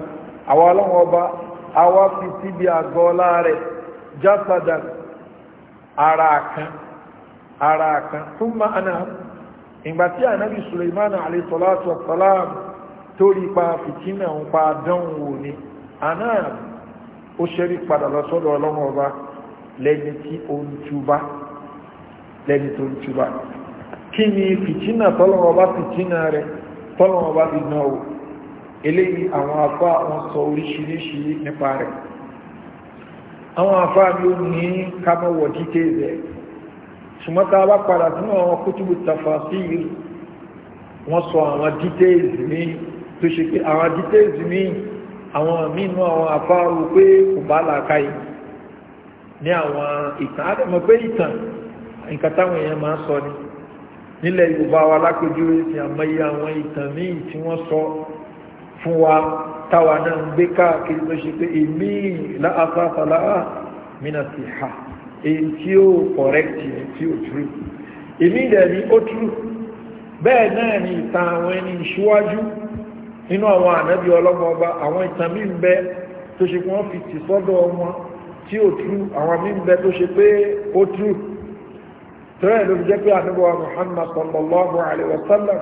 ìgbà tí ànábì suleiman alayhisalatu wasalam torí pa fìtínà ń pa dánwò ni anáà ó ṣẹ́rí padà lọ sọ́dọ̀ ọlọ́mọ ọba lẹ́ni tí ó ń túbá lẹ́ni tó ń túbá kí ni fìtínà tọ́lọ́mọ ọba fìtínà rẹ̀ tọ́lọ́mọ ọba fi náà o eléyìí àwọn afá wọn sọ oríṣiríṣi nípa rẹ̀ àwọn afá mi ò ní ká dídé rẹ̀ ṣùgbọ́n tá a bá padà sínú àwọn kútùbù tafasir wọ́n sọ àwọn details mi tó ṣe pé àwọn details mi àwọn mínú àwọn afáàrù pé kò bá làákàyè ní àwọn ìtàn àdàmọ̀ pé ìtàn nǹkan táwọn èèyàn máa ń sọ ni nílẹ̀ yorùbá wa lápèjúwe sí àmọ́yé àwọn ìtàn míì tí wọ́n sọ fún wa táwa náà ń gbé káàkiri tó ṣe pé èmi láàfáàfà láà mí náà ti hà èyí tí ó correct èyí tí ó true èmi ìdẹ̀rí ó true bẹ́ẹ̀ náà ni ìtàn àwọn ẹni ìṣíwájú nínú àwọn ànábí ọlọ́mọba àwọn ìtàn mí ń bẹ tó ṣe pé wọ́n fi tì sọ́dọ̀ wọn tí ó true àwọn mí ń bẹ tó ṣe pé ó true tẹ́rẹ̀ ló fi jẹ́ pé ànábọ̀wà Muhammad sallallahu alaihi wasallam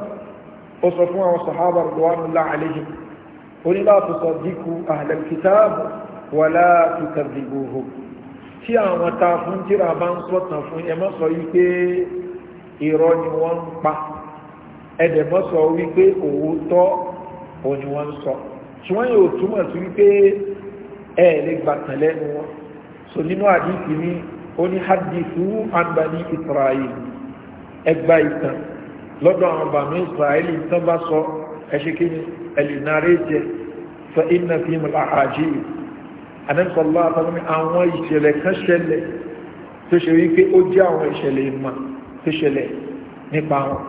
ó sọ fún àwọn sahaba radwanullahi alaihim onílàtúsọ̀ díkù ahlal kitab wala tukadhibuhum tí àwọn ta fún tíra bá ń sọ̀tàn fún ẹ má sọ wípé irọ́ ni wọ́n ń pa ẹ̀dẹ̀ má sọ wípé òótọ́ òun ni wọ́n ń sọ ṣùgbọ́n yóò túmọ̀ sí wípé ẹ lè gbàtàn lẹ́nu wọn so nínú àdìsí ni ó ní hadithu anbani israel ẹgbà ìtàn lọ́dọ̀ àwọn bàmí israel ìtàn bá sọ ẹ̀ṣẹ̀kí ni ẹ̀lì náà rẹ̀ jẹ́ fa inna fi mu làhàjì yìí anẹ́sọ̀lá àtàwọn àwọn ìṣẹ̀lẹ̀ kan ṣẹlẹ̀ tó ṣe wípé ó jẹ́ àwọn ìṣẹ̀lẹ̀ ìmọ̀ tó ṣẹlẹ̀ nípa wọn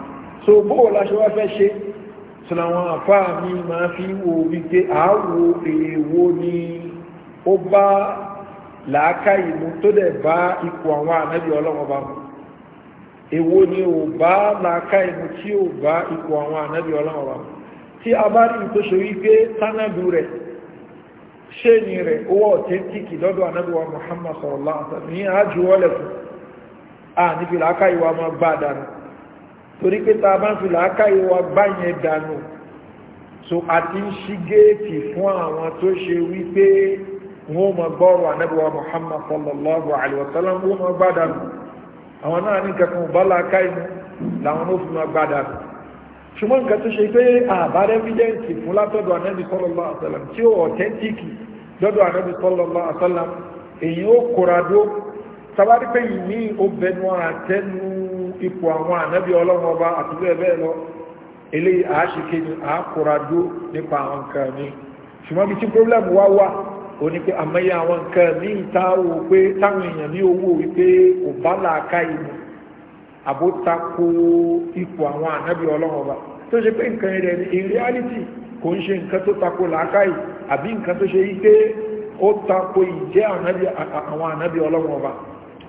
so bóò láṣẹ wá fẹ́ ṣe tí àwọn àfáà mi máa fi wo wípé àáwo èèwo ni ó bá làákà ìmú tó dẹ̀ bá ipò àwọn ànábì ọlọ́wọ́ bá mu èwo ni ò bá làákà ìmú tí ò bá ipò àwọn ànábì ọlọ́wọ́ bá mu tí a bá rí tó wípé tánàbù rẹ̀ Shenyere rẹ̀ owó ọ̀tẹ́ntíkì lọ́dọ̀ Muhammad sallallahu alaihi ní àjúwọ́lẹ̀kùn a níbi làákà ìwà máa bá dànù torí pé ta bá ń fi so a ti ń ṣí géètì fún àwọn tó ṣe wípé wọ́n mọ gbọ́rọ̀ anábíwa Muhammad sallallahu alaihi wọ́n mọ gbá dànù àwọn náà ní kankan bá ṣùgbọ́n nǹkan tó ṣe pé àbára evidence fún látọ̀dọ̀ anábì sallallahu alaihi tí ó authentic lọ́dọ̀ anábì sallallahu alaihi wasallam èyí ó kóra dó tabari pé yìí ní obìnrin wọn àtẹnu ipò àwọn anábì ọlọ́run ọba àti bẹ́ẹ̀ lọ eléyìí àáṣìké ni àákóra dó nípa àwọn nǹkan mi ṣùgbọ́n bí tí problem wá wà ó ní pé àmọ́yé àwọn nǹkan míì tá a wò àbótakò ipò àwọn ànábì ọlọ́run ọba tó ṣe pé nǹkan rẹ̀ in reality kò ń ṣe nǹkan tó takò làákàyè àbí nǹkan tó ṣe wípé ó takò ìjẹ́ àwọn ànábì ọlọ́run ọba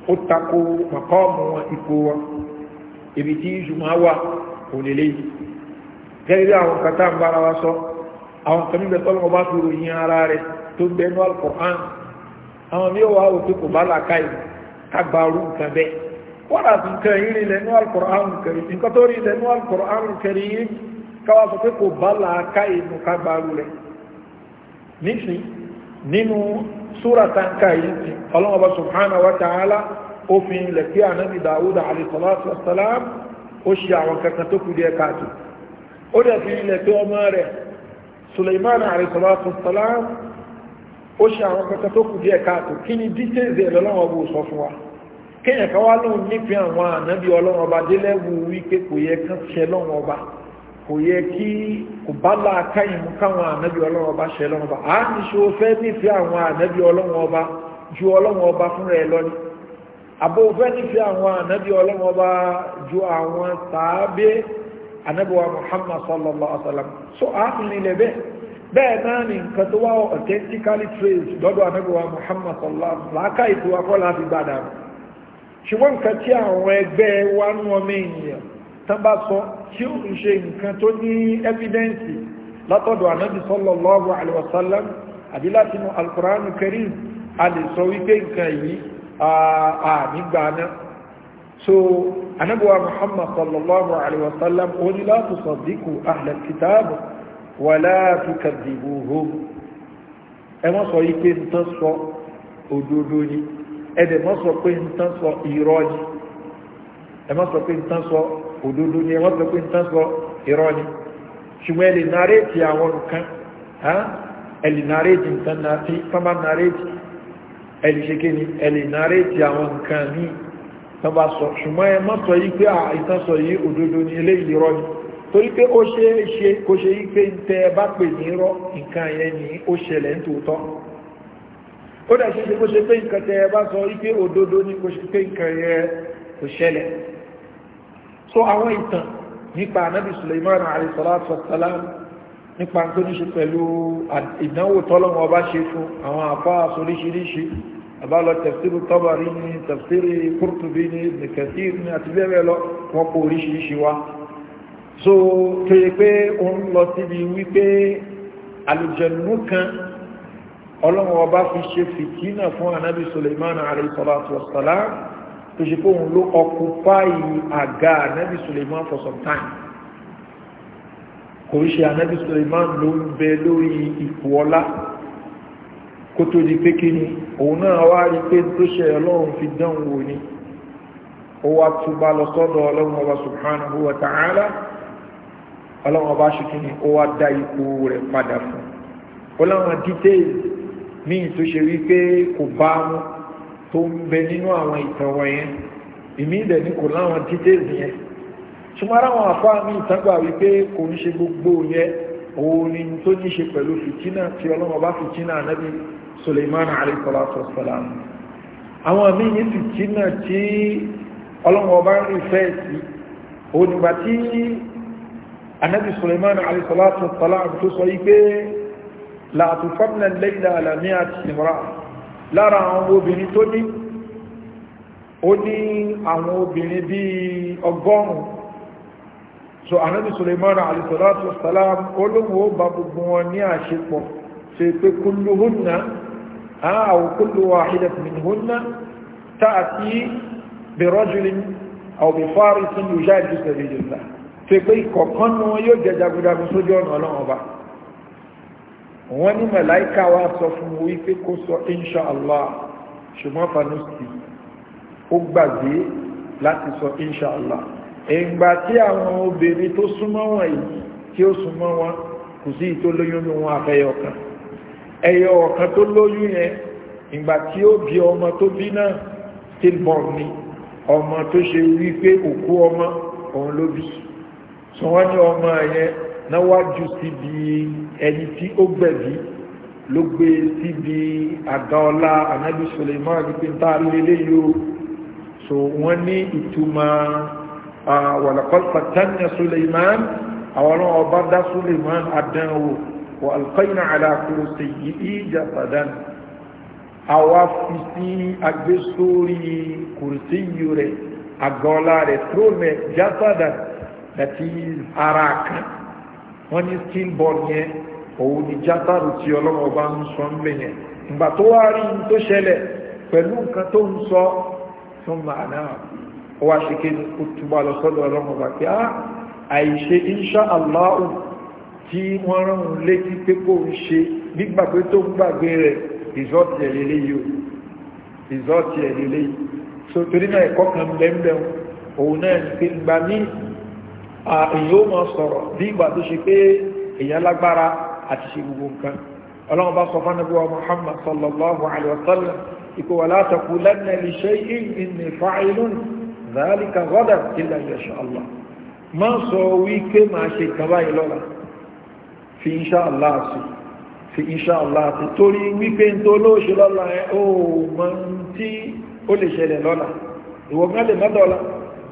ó takò màkọ́ọ̀mù wọn ipò wọn ibi tí ìṣùmọ̀ wà kò lè léyìí gẹ́gẹ́ àwọn kata ń bára wa sọ àwọn kan níbẹ̀ tọ́lọ́ ọba fi ròyìn ara rẹ̀ tó gbẹnu alkùnrin àwọn mi wọ́n àti nǹkan yìí rí lẹ́nu alkùránù karim nǹkan tó rí lẹ́nu alkùránù karim káwà sọ pé kò bá làákà inú ká gbárù rẹ̀ nísìn nínú súra tanka yìí ti ọlọ́wọ́ subhanahu wa ta'ala ó fi ilẹ̀ pé ànábì dàúdà alayhi salam ó ṣe àwọn kankan tó kù díẹ̀ káàtó ó dẹ̀ alayhi salam ó ṣe àwọn kankan tó kù díẹ̀ káàtó kí ni details kéèyàn kan wá anabi nífẹ̀ẹ́ àwọn ànábì ọlọ́run ọba délẹ́wù wípé kò yẹ kán ṣe lọ́run ọba kò yẹ kí kò bá káwọn ọba ṣe lọ́run ọba á ní ọba ju ọlọ́run ọba fúnra ẹ lọ ni àbò fẹ́ ọba ju àwọn tàbí ànábì Muhammad sallallahu alaihi so á nílẹ̀ bẹ́ẹ̀ bẹ́ẹ̀ náà ni nǹkan tó wá authentically lọ́dọ̀ Muhammad sallallahu alaihi wa sallam ìtura ṣùgbọ́n nǹkan tí àwọn ẹgbẹ́ wa ń ọmọ ènìyàn tán bá sọ tí ó ń ṣe nǹkan tó ní ẹ́fídẹ́ǹsì látọ̀dọ̀ ànábì sallallahu alaihi wasallam àbí alkùránù karim a lè sọ wípé nǹkan yìí àmìgbà náà so ànábì wa muhammad sallallahu alaihi wasallam ó ní la tusaddiqu ahla alkitab wala tukaddibuhum ẹ má sọ ni ẹ̀dẹ̀ mọ́ sọ pé ń tán sọ irọ́ ni ẹ mọ́ sọ pé ń tán sọ òdodo ni ẹ mọ́ sọ pé ń tán sọ irọ́ ni ṣùgbọ́n ẹ lè nàréètì àwọn nǹkan ẹ lè nàréètì nǹkan náà tí fọ́nmá nàréètì ẹ lè ṣe ni ẹ lè nàréètì àwọn nǹkan míì tán bá sọ ṣùgbọ́n ẹ mọ́ sọ yí pé ìtànsọ yìí òdodo ni eléyìí irọ́ ni torí pé ó ṣe é ṣe kó ṣe yí pé ń tẹ ẹ bá pè ní irọ́ nǹkan yẹn ni ó ṣẹlẹ̀ ń tòótọ́ ó dẹ̀ ṣe ṣe kó ṣe pé nǹkan tẹ ẹ bá sọ wípé òdodo ní kó ṣe pé nǹkan yẹ kò ṣẹlẹ̀ so àwọn ìtàn nípa anábì Suleiman alayhi salatu wassalam nípa tó ní ṣe pẹ̀lú ìdánwò tọ́lọ́wọ́ ọba ṣe fún àwọn àfá oríṣiríṣi àbálọ tafsiru Tabari ní tafsiru Qurtubi ní Ibn Kathir ní àti bẹ́ẹ̀ lọ wọ́n kó oríṣiríṣi wá so tó yẹ pé òun lọ síbi wípé àlùjànnú kan ọlọ́run ọba fi ṣe fìtínà fún anábì suleiman alayhisalatu wasalam tó ṣe pé òun ló ọkùpáì àga anábì suleiman for some time kò ń ṣe anábì suleiman ló ń bẹ lórí ipò ọlá kó tó di pé kí ni òun náà wá rí pé tó ṣe ọlọ́run fi dán wò ni ó wá túbá lọ sọ́dọ̀ ọlọ́run ọba subhanahu wa ta'ala ọlọ́run ọba ṣe kí ni ó wá dá ipò rẹ̀ padà fún ọlọ́run details míì tó ṣe wípé kò bá mú tó ń bẹ nínú àwọn ìtàn wọ̀nyẹn ìmí ìdẹ̀ ní kò láwọn details yẹn ṣùgbọ́n àwọn àfá mi ìtàgbà wípé kò ń ṣe gbogbo yẹ òun ni tó ní ṣe pẹ̀lú fìtínà tí ọlọ́wọ́ bá fìtínà ànábì Suleiman alayhi salatu wassalam àwọn àmì ní fìtínà tí ọlọ́wọ́ bá ń rí fẹ́ sí òun nígbà tí ànábì Suleiman alayhi salatu wassalam tó sọ yí pé láàtúfọ́nà lẹ́yìnlá àlàmí àti ìmọ̀ra lára àwọn obìnrin tó ní ó ní àwọn obìnrin bí ọgọ́rùn so anábi suleiman alisalatu wasalam olóhùn ó bá gbogbo wọn ní àṣepọ̀ ṣe pé kúlù húnna àwọn kúlù wàhídà húnna tààtí bẹ̀rọ̀jùlín àwọn bẹ̀fàrí tún yóò jáde sẹ̀rẹ̀ ìjọba wọ́n ní màláìka wa sọ fún mi wípé kó sọ insha allah ṣùgbọ́n fanusi ó gbàgbé láti sọ insha allah ìgbà tí àwọn obìnrin tó súnmọ́ wọn yìí tí ó súnmọ́ wọn kò sí tó lóyún ní wọn afẹ́yọ kan ẹyọ ọ̀kan tó lóyún yẹn ìgbà tí ó bí ọmọ tó bí náà stillborn ni ọmọ tó ṣe wípé òkú ọmọ òun ló bí sọ wọ́n ní ọmọ yẹn náà wá ju síbi ẹni tí ó gbẹ̀bí ló gbé síbi àga ọlá anabi suleiman wípé tá a lélẹ yóò so wọ́n ní ìtumọ̀ walaqad suleiman àwọn ọba dá suleiman adánwò wa alqayna ala kursiyyihi jasadan àwa fi sí agbésórí kùrùsíyù rẹ̀ àgọ́lá rẹ̀ trómẹ̀ jasadan that ara kan wọ́n ní steel ball yẹn òun ni játàrù tí ọlọ́wọ́ bá ń sọ ń bẹ̀ yẹn ìgbà tó wá rí tó ṣẹlẹ̀ pẹ̀lú nǹkan tó ń sọ fún màánà ó wá ṣe kí ó túbọ̀ lọ sọ́dọ̀ ọlọ́wọ́ bá pé á ah, àìṣe insha allah tí wọ́n rán òun létí pé kó ń ṣe gbígbàgbé tó ń gbàgbé rẹ̀ ìzọ́tì ẹ̀ lélẹ́yìí o ìzọ́tì ẹ̀ lélẹ́yìí so torí náà ẹ̀kọ́ kan bẹ́ẹ̀ èyí ó mọ sọ̀rọ̀ bí ìgbà tó ṣe pé èyàn lágbára àti ṣe gbogbo nǹkan ọlọ́run bá sọ fánà bí wa muhammad sallallahu alayhi wa sallam ikú wà látàkù lẹ́nà lè ṣe ìní fa'ilun zalika gọ́dà illa insha Allah máa sọ wíké máa ṣe gaba ìlọ́la fi insha Allah sí fi insha Allah sí torí wípé tó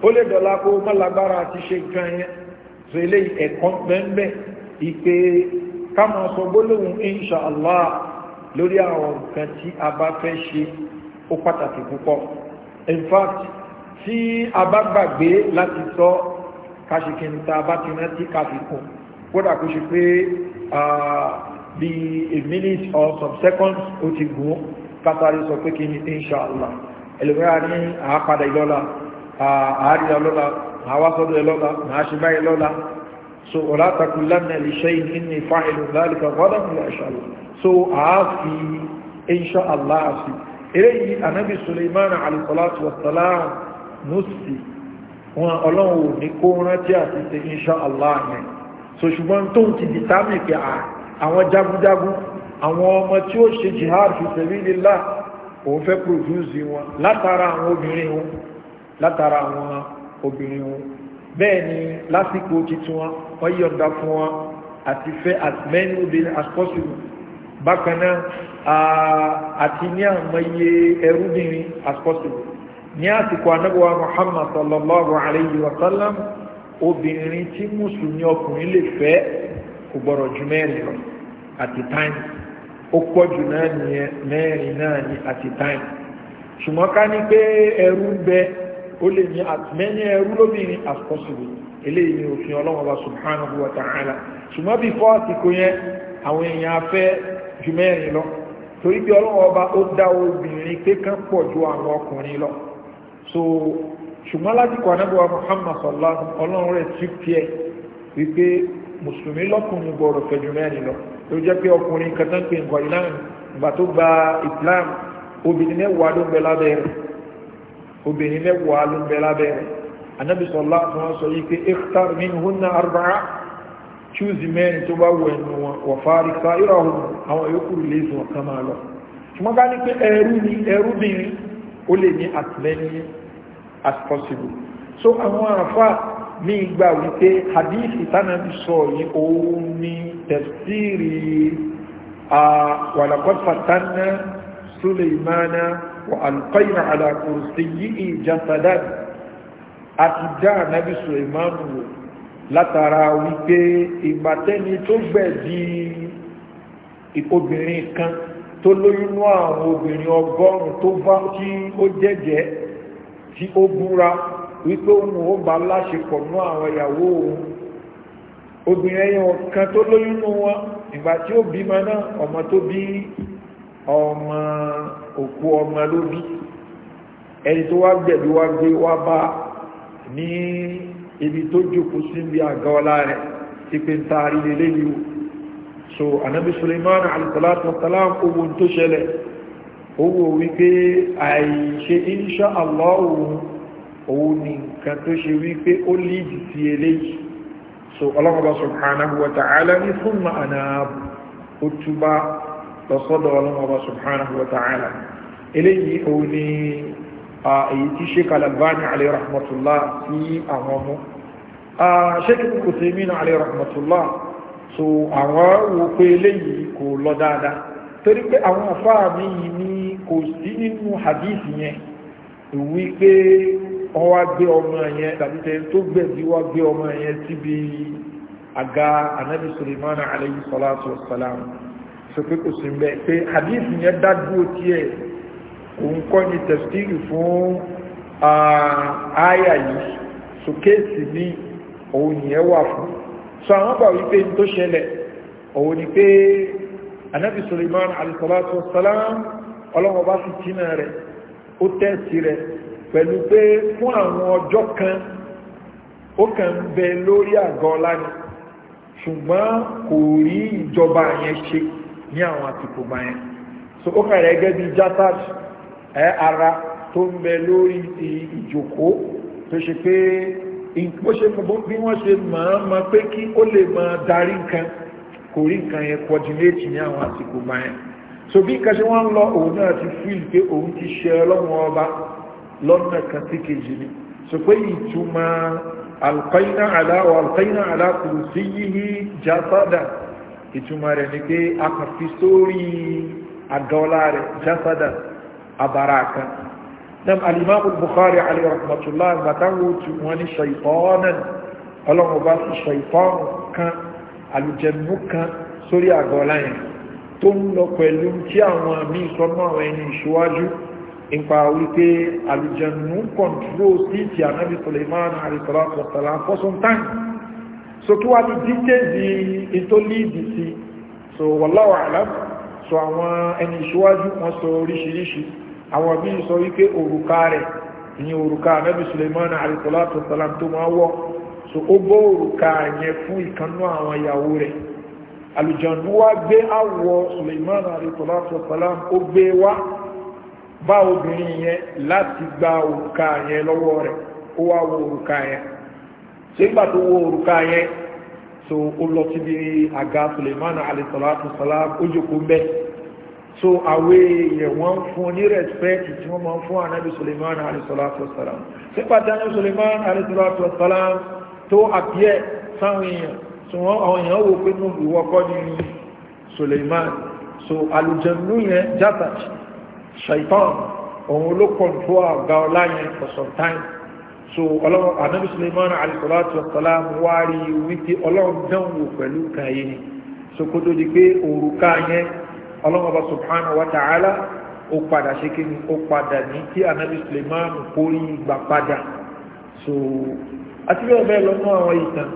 ó lè dọ̀la kó má lágbára àti ṣe nǹkan yẹn so eléyìí ẹ̀kọ́ bẹ́ẹ̀ ìpè káma sọ gbólóhùn inṣàlá lórí àwọn nǹkan tí a bá fẹ́ ṣe ó pàtàkì púpọ̀ in fact tí a bá gbàgbé láti sọ káṣíkìntà bá ti rántí káfíkùn kódà kó ṣe pé bí a minute or some seconds ó ti gùn kátàrí sọ pé kí ni inṣàlá ẹlòmíràn ní àápadà ìlọ́la Ah, àárí ọlọ́la àwásọ́dọ̀ ẹlọ́la àáṣìbá ẹlọ́la so ọ̀lá takùlánà lè ṣe ìní fáìlù láàrínkà wọ́dá mú ẹ̀ṣàlù so àáfi inṣọ́ aláàfi eré yìí anábì suleiman alìsọ́láàtù wasalam nùsì wọn ọlọ́run ò ní kó rántí àti ṣe inṣọ́ aláàmì so ṣùgbọ́n tó ń ti dìtámì pé àwọn jagunjagun àwọn ọmọ tí ó ṣe jihad fi sabilillah látara àwọn obìnrin wọn bẹ́ẹ̀ ni lásìkò títún wọn wọ́n yọ̀ǹda fún wọn àti fẹ́ as many obìnrin as possible bákan náà àti ní àmọye ẹrúbìnrin as possible ní àsìkò anábọ̀wá Muhammad sallallahu alayhi wa sallam obìnrin tí mùsùlùmí ọkùnrin lè fẹ́ kò gbọ́dọ̀ ju mẹ́rin lọ àti táìmù ó pọ̀ jù náà nìyẹn mẹ́rin náà ni àti táìmù ṣùgbọ́n ká ní pé ẹrú ń bẹ ó lè ní as many ẹrú lóbìnrin as possible eléyìí ni òfin ọlọ́wọ́n wa subhanahu wa ta'ala ṣùgbọ́n bí fọ́ àsìkò yẹn àwọn èèyàn afẹ́ ju mẹ́rin lọ torí bí ọlọ́wọ́n ọba ó dá obìnrin pé kán pọ̀ ju àwọn ọkùnrin lọ so ṣùgbọ́n lásìkò anábọ̀wá muhammad sallallahu ọlọ́run rẹ̀ ti tiẹ̀ wípé mùsùlùmí lọ́kùnrin gbọ́dọ̀ fẹ́ ju mẹ́rin lọ ló jẹ́ pé ọkùnrin kan tán pé nǹkan ìlànà ìgbà tó gba ìsìlámù obìnrin mẹ́wàá ló ń bẹ lábẹ́ rẹ̀ obìnrin mẹ́wàá ló ń bẹ lábẹ́ rẹ̀ anábì sọ̀lá tí wọ́n sọ yí pé iftar min hunna arba'a chúùsì mẹ́rin tó bá wọ ẹnu wọn wọ̀fárí sa ìrọ̀hùn àwọn yòókù lè sùn ọ̀kan máa lọ ṣùgbọ́n bá ní pé ẹrú ni ẹrúbìnrin ó lè ní as many as possible so àwọn àfa ní ìgbà wípé hadithi tánàbí sọ yìí òun ni tafsiri wàlàkọ́fà tánà suleimana وألقينا على كرسيه جسدا أتجا نبي سليمان látara wípé ìgbàtẹ́ni tó gbẹ̀dí obìnrin kan tó lóyún ní àwọn obìnrin ọgọ́rùn tó bá tí ó jẹ́jẹ́ tí ó búra wípé òun ó bá láṣepọ̀ ní àwọn ìyàwó òun obìnrin ẹyàn kan tó lóyún ní wọn ìgbà tí ó bímọ náà ọmọ tó bí ọmọ òkú ọmọ ló bí ẹni tó wá gbẹ̀bí wá gbé wá bá ní ibi tó jókòó sí ibi àga ọlá rẹ̀ ti pé ń taari lélẹ́ yìí so anabi suleiman alayhisalaatu wasalaam owó tó ṣẹlẹ̀ owó wípé àìṣe insha allah òun òun ni nǹkan tó ṣe wípé ó lídì sí eléyìí so ọlọ́mọba subhanahu wa ta'ala ní fún ma'ana ó túbá lọ́sọ́dọ̀ ọlọ́run ọba subhanahu wa ta'ala eléyìí òun ni èyí tí sheik al-albani alayhi rahmatullah sí àwọn ọmọ sheik al-kusaimina alayhi rahmatullah so àwọn wo pé eléyìí kò lọ dáadáa torí pé àwọn afáà mi yìí ni kò sí nínú hadith yẹn wípé wọ́n wá gbé ọmọ yẹn tàbí tẹ́ tó gbẹ̀bí wá gbé ọmọ yẹn síbi àga anabi suleiman alayhi salatu wa salam sọ pé kò sí mbẹ pé hadith yẹn dá dúró tiẹ̀ òun kọ́ ni tẹ̀síìrì fún àyà yìí sọ kéèsì òun yẹn wà fún sọ àwọn gbà wípé tó ṣẹlẹ̀ òun ni pé anabi suleiman alisalatu wasalam ọlọ́wọ́ bá fi tínà rẹ̀ ó tẹ́sì rẹ̀ pẹ̀lú pé fún àwọn ọjọ́ kan ó kàn ń bẹ lórí àgọ́ ọlá ni ṣùgbọ́n kò rí ìjọba yẹn ṣe ní àwọn àtìkò gbà yẹn so ó kàrẹ̀ gẹ́gẹ́ bí jatad ẹ ara tó ń bẹ lórí ti ìjòkó tó ṣe pé bó ṣe bí wọ́n ṣe máa ma pé kí ó lè máa darí nǹkan kò rí nǹkan yẹn coordinate ní àwọn àtìkò gbà yẹn so bí nǹkan ṣe wọ́n ń lọ òun náà ti fíìl pé òun ti ṣe ọlọ́run ọba lọ́nà kan sí kejì ni so pé ìtumọ̀ alqaina ala wa alqaina ala kursiyihi jasadan ìtumọ̀ rẹ̀ ni pé a kàn fi sórí àgọ́lá rẹ̀ jásádà abara kan nam alimamu bukhari alayhi rahmatullah matawo tí wọ́n ní ṣaitọ́nan ọlọ́run bá sí ṣaitọ́n kan alùjẹ̀mú kan sórí àgọ́lá yẹn tó ń lọ pẹ̀lú tí àwọn míì sọ́nà àwọn ẹni ìṣíwájú nípa wípé alùjẹ̀mú kọ̀ntró sí ti ànábì suleiman alayhi rahmatullah fọ́sùn táǹkì so kí wá ní díkéèdì ètò líìdì sí so wallahu alam so àwọn ẹni ìṣíwájú wọn sọ oríṣiríṣi àwọn míì sọ wípé òrùka rẹ̀ ìyẹn òrùka anábì suleiman alayhisalatu salam tó máa wọ̀ so ó bọ́ òrùka yẹn fún ìkànnú àwọn ìyàwó rẹ̀ àlùjànnú wá gbé àwọ̀ suleiman alayhisalatu salam ó gbé wá bá obìnrin yẹn láti gba òrùka yẹn lọ́wọ́ rẹ̀ ó wá wọ òrùka yẹn ṣégbà tó wọ òrùka yẹn so ó lọ síbi àga suleiman alayhisalatu salam ó jòkó mbẹ so àwọn èèyàn wọn ń fún ní rẹsipẹti tí wọn máa ń fún anabi suleiman alayhisalatu salam ṣégbà tí anabi suleiman alayhisalatu salam tó àbíẹ sáwọn èèyàn so wọn àwọn èèyàn wò pé nù ìwọ kọ́ ni suleiman so alùjẹ̀nú yẹn jata ṣaitan òun ló kọ̀ǹtó àga ọlá yẹn for some time so ọlọ́run anabi suleiman alayisalaatu wasalaam wárí wípé ọlọ́run dánwò pẹ̀lú kan yìí ni so kó tó di pé òrùka yẹn ọlọ́run ọba subhanahu wa ta'ala ó padà ṣe kí ni ó padà ní kí anabi suleiman kórì gbà padà so àti bẹ́ẹ̀ bẹ́ẹ̀ lọ́nà àwọn ìtàn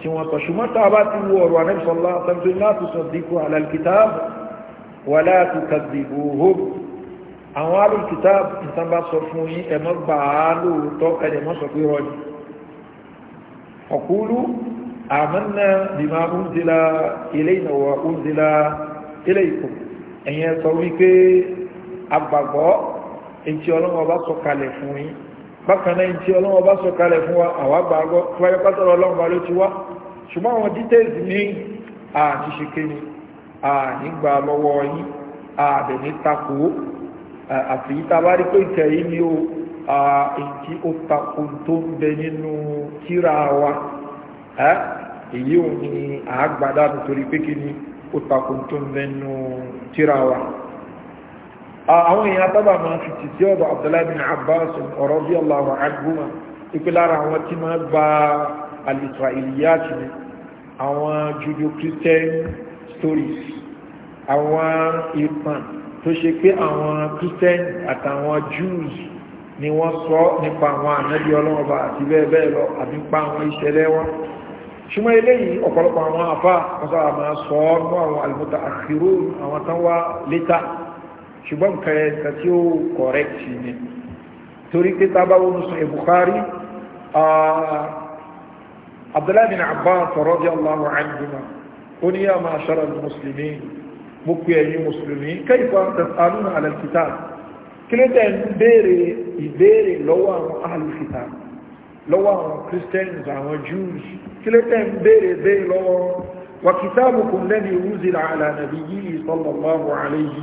tí wọ́n sọ ṣùgbọ́n tá a bá ti wo ọ̀rọ̀ anabi sọlá sọmtò láti sọ dínkù alal kitab wàlá tukadibuhum àwọn alùkìtà ìtàn bá sọ fún yín ẹ̀mọ́ gbà á lóòótọ́ ẹ̀dẹ̀mọ́ sọ pé rọ́ ni ọ̀kúlù àmọ́nà bímá oúnjẹ́lá ilé ìnáwó oúnjẹ́lá ilé ìkù ẹ̀yẹn sọ wípé agbàgbọ́ ètí ọlọ́wọ́ bá sọ kalẹ̀ fún yín bákan náà ètí ọlọ́wọ́ bá sọ kalẹ̀ fún wa àwọn agbàgbọ́ fúwáyé pátọ́rọ̀ ọlọ́wọ́ ló àti ìtawárí pé ìtẹ̀ yìí ni ó ìtí ó takùn tó ń bẹ nínú tíra wa èyí ò ní àágbádá nítorí pé kí ni ó takùn tó ń bẹ nínú tíra wa àwọn èèyàn tábà máa fi tì ọ̀dọ̀ Abdullahi bin Abbas radiyallahu anhuma ìpè lára àwọn tí máa gba al-Israiliyat ni àwọn judo christian stories àwọn ìtàn tó ṣe pé àwọn kírísítẹ́nì àtàwọn jews ni wọ́n sọ nípa àwọn ànábí ọlọ́ọ̀bá àti bẹ́ẹ̀ bẹ́ẹ̀ lọ àbí pa àwọn ìṣẹ̀lẹ̀ wọn ṣùgbọ́n eléyìí ọ̀pọ̀lọpọ̀ àwọn afá ọ̀sá àmà sọ ọ́ mọ́ àwọn àlùmọ́ta àkìrò àwọn tán wá létà ṣùgbọ́n nǹkan ẹ̀ tí ó kọ̀rẹ́kì ni torí pé tábà wọn sọ ìbùkárí abdullahi bin abbas radiyallahu anhuma ó ní yà máa ṣọ́ra mùsùlùmí mo pe ẹ̀yin mùsùlùmí kẹ́yìnfà tẹ̀sánù àlẹ́kìtà kí ló tẹ̀ ń béèrè ìbéèrè lọ́wọ́ àwọn àlùkìtà lọ́wọ́ àwọn christians àwọn jews kí ló tẹ̀ ń béèrè lọ́wọ́ وكتابكم الذي أنزل على نبيه صلى الله عليه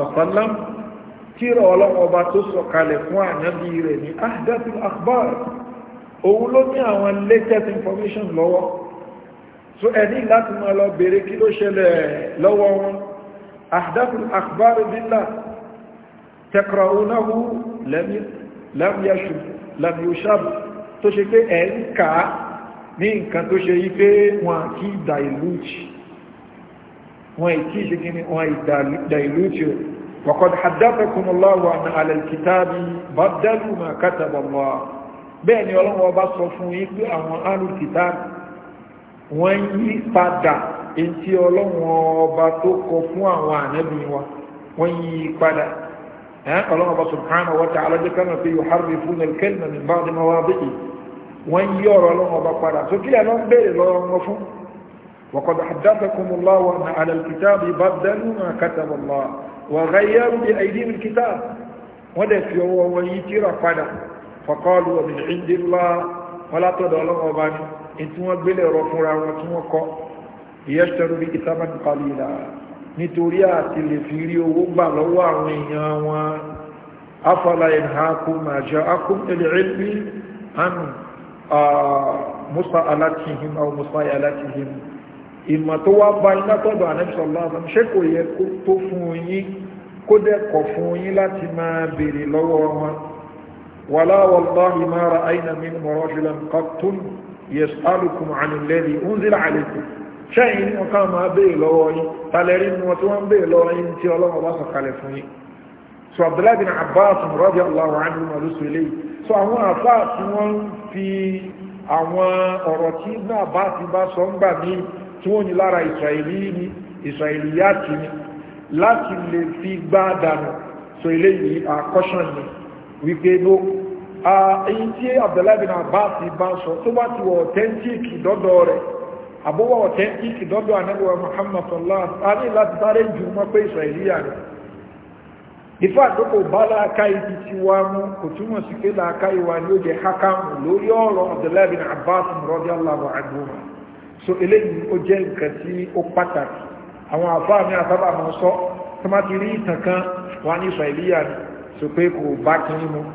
وسلم تيرا الله ọba tó sọ̀kalẹ̀ fún ànábì rẹ̀ ní ahdath al-akhbar òun ló so ẹni láti máa lọ bèèrè kí ló ṣẹlẹ̀ lọ́wọ́ wọn ahdathul akhbar billah taqra'unahu lam yashub lam yushab tó ṣe pé ẹ̀ ń kà á ní nǹkan tó ṣe yí wọn kí dilute wọn ìkí ṣe kí ni wọn dilute o وقد حدثكم الله أن على الكتاب بدلوا ما كتب الله bẹ́ẹ̀ ni ọlọ́wọ́ bá sọ fún àwọn alùkìtàbí wọ́n yí padà etí ọlọ́run ọba tó kọ fún àwọn ànábì wa wọ́n yí padà ọlọ́run ọba subhanahu wa ta'ala jẹ́ kánà pé yuharrifuna al-kalima min ba'di mawadi'i wọ́n yí ọ̀rọ̀ ọlọ́run ọba padà sókè ẹ̀ lọ ń béèrè lọ́wọ́ fún وقد حدثكم الله أن على الكتاب بدلوا ما كتب الله وغيروا بأيديهم الكتاب ودفعوا ويتر قدر فقالوا من عند الله ولا تدعوا الله tí wọ́n gbélé ọ̀rọ̀ fúnra wọn tí wọ́n kọ́ ìyẹ́sẹ̀rú bí ìsámẹ́ni kalila nítorí àti lè fi rí owó gbà lọ́wọ́ àwọn èèyàn wọn afala ìhàkùn màjá akùn ilẹ̀ ẹ̀lú àmì musa alátihim àwọn musa alátihim ìmọ̀ tó wá bá iná tọ́dọ̀ ànẹ́bìsọ̀lá ṣé kò yẹ tó fún yín kó dẹ́kọ̀ fún yín láti máa béèrè lọ́wọ́ wọn wàláwọ̀lá ìmára àìnàmí mọ̀rọ̀ jùlọ nǹkan tó nù yẹ̀sùlùkùn ànìlẹ́rì ń zílà àlékù ṣẹ́yìn ní ọkà máa bèèrè lọ́wọ́ yín tàlẹ́rí ní wọn tí wọ́n bèèrè lọ́wọ́ yín tí ọlọ́wọ́ bá sọ̀kalẹ̀ fún yín so abdullahi bin abbas radiyallahu anhu ma lóṣù eléyìí so àwọn àfá tí wọ́n fi àwọn ọ̀rọ̀ tí ibn abbas bá sọ ń gbà mí tí wọ́n ní lára ìsraẹ̀lì ni ìsraẹ̀lì yá ti ni láti lè fi gbá dànù so eléyìí àkọ́ṣàn ni wípé ló èyí tí abdullahi bin abbas bá sọ tó bá ti wọ authentic dọ́dọ̀ rẹ̀ àbúwọ̀ authentic dọ́dọ̀ anábíwá muhammad sallallahu alaihi láti sáré jù mọ́ pé israeliya rẹ̀ ìfà tó kò bá láàká ibi tí wá mú kò sí pé láàká ìwà ni ó jẹ́ hákàmù lórí ọ̀rọ̀ abdullahi bin ti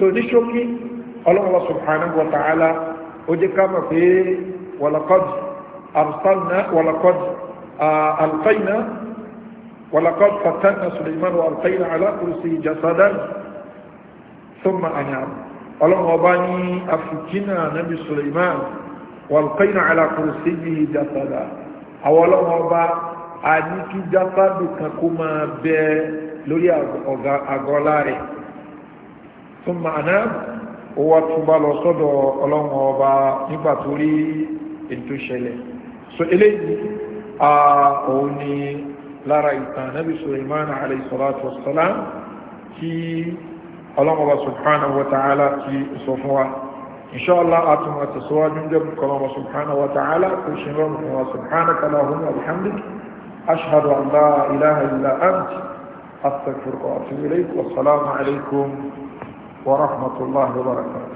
so ní ṣókí ọlọ́wọ́ subhanahu wa ta'ala ó jẹ́ ká mọ̀ pé walaqad arsalna walaqad alqayna walaqad fatanna suleiman wa alqayna ala kursi jasadan thumma anam ọlọ́wọ́ bá ní afikina nabi suleiman wa alqayna ala kursi jasadan àwọn bá a ní kí jasadu kan bẹ lórí àgọ́lá rẹ̀ ثم أناب هو تبال صدو ألون وبا نباتوري انتو شلي سو إليه أوني لا رأيت نبي سليمان عليه الصلاة والسلام كي ألون وبا سبحانه وتعالى كي صفوه إن شاء الله آتم التسواج جب كلام سبحانه وتعالى كل شيء سبحانك اللهم وبحمدك أشهد أن لا إله إلا أنت أستغفرك وأتوب إليك والسلام عليكم ورحمة الله وبركاته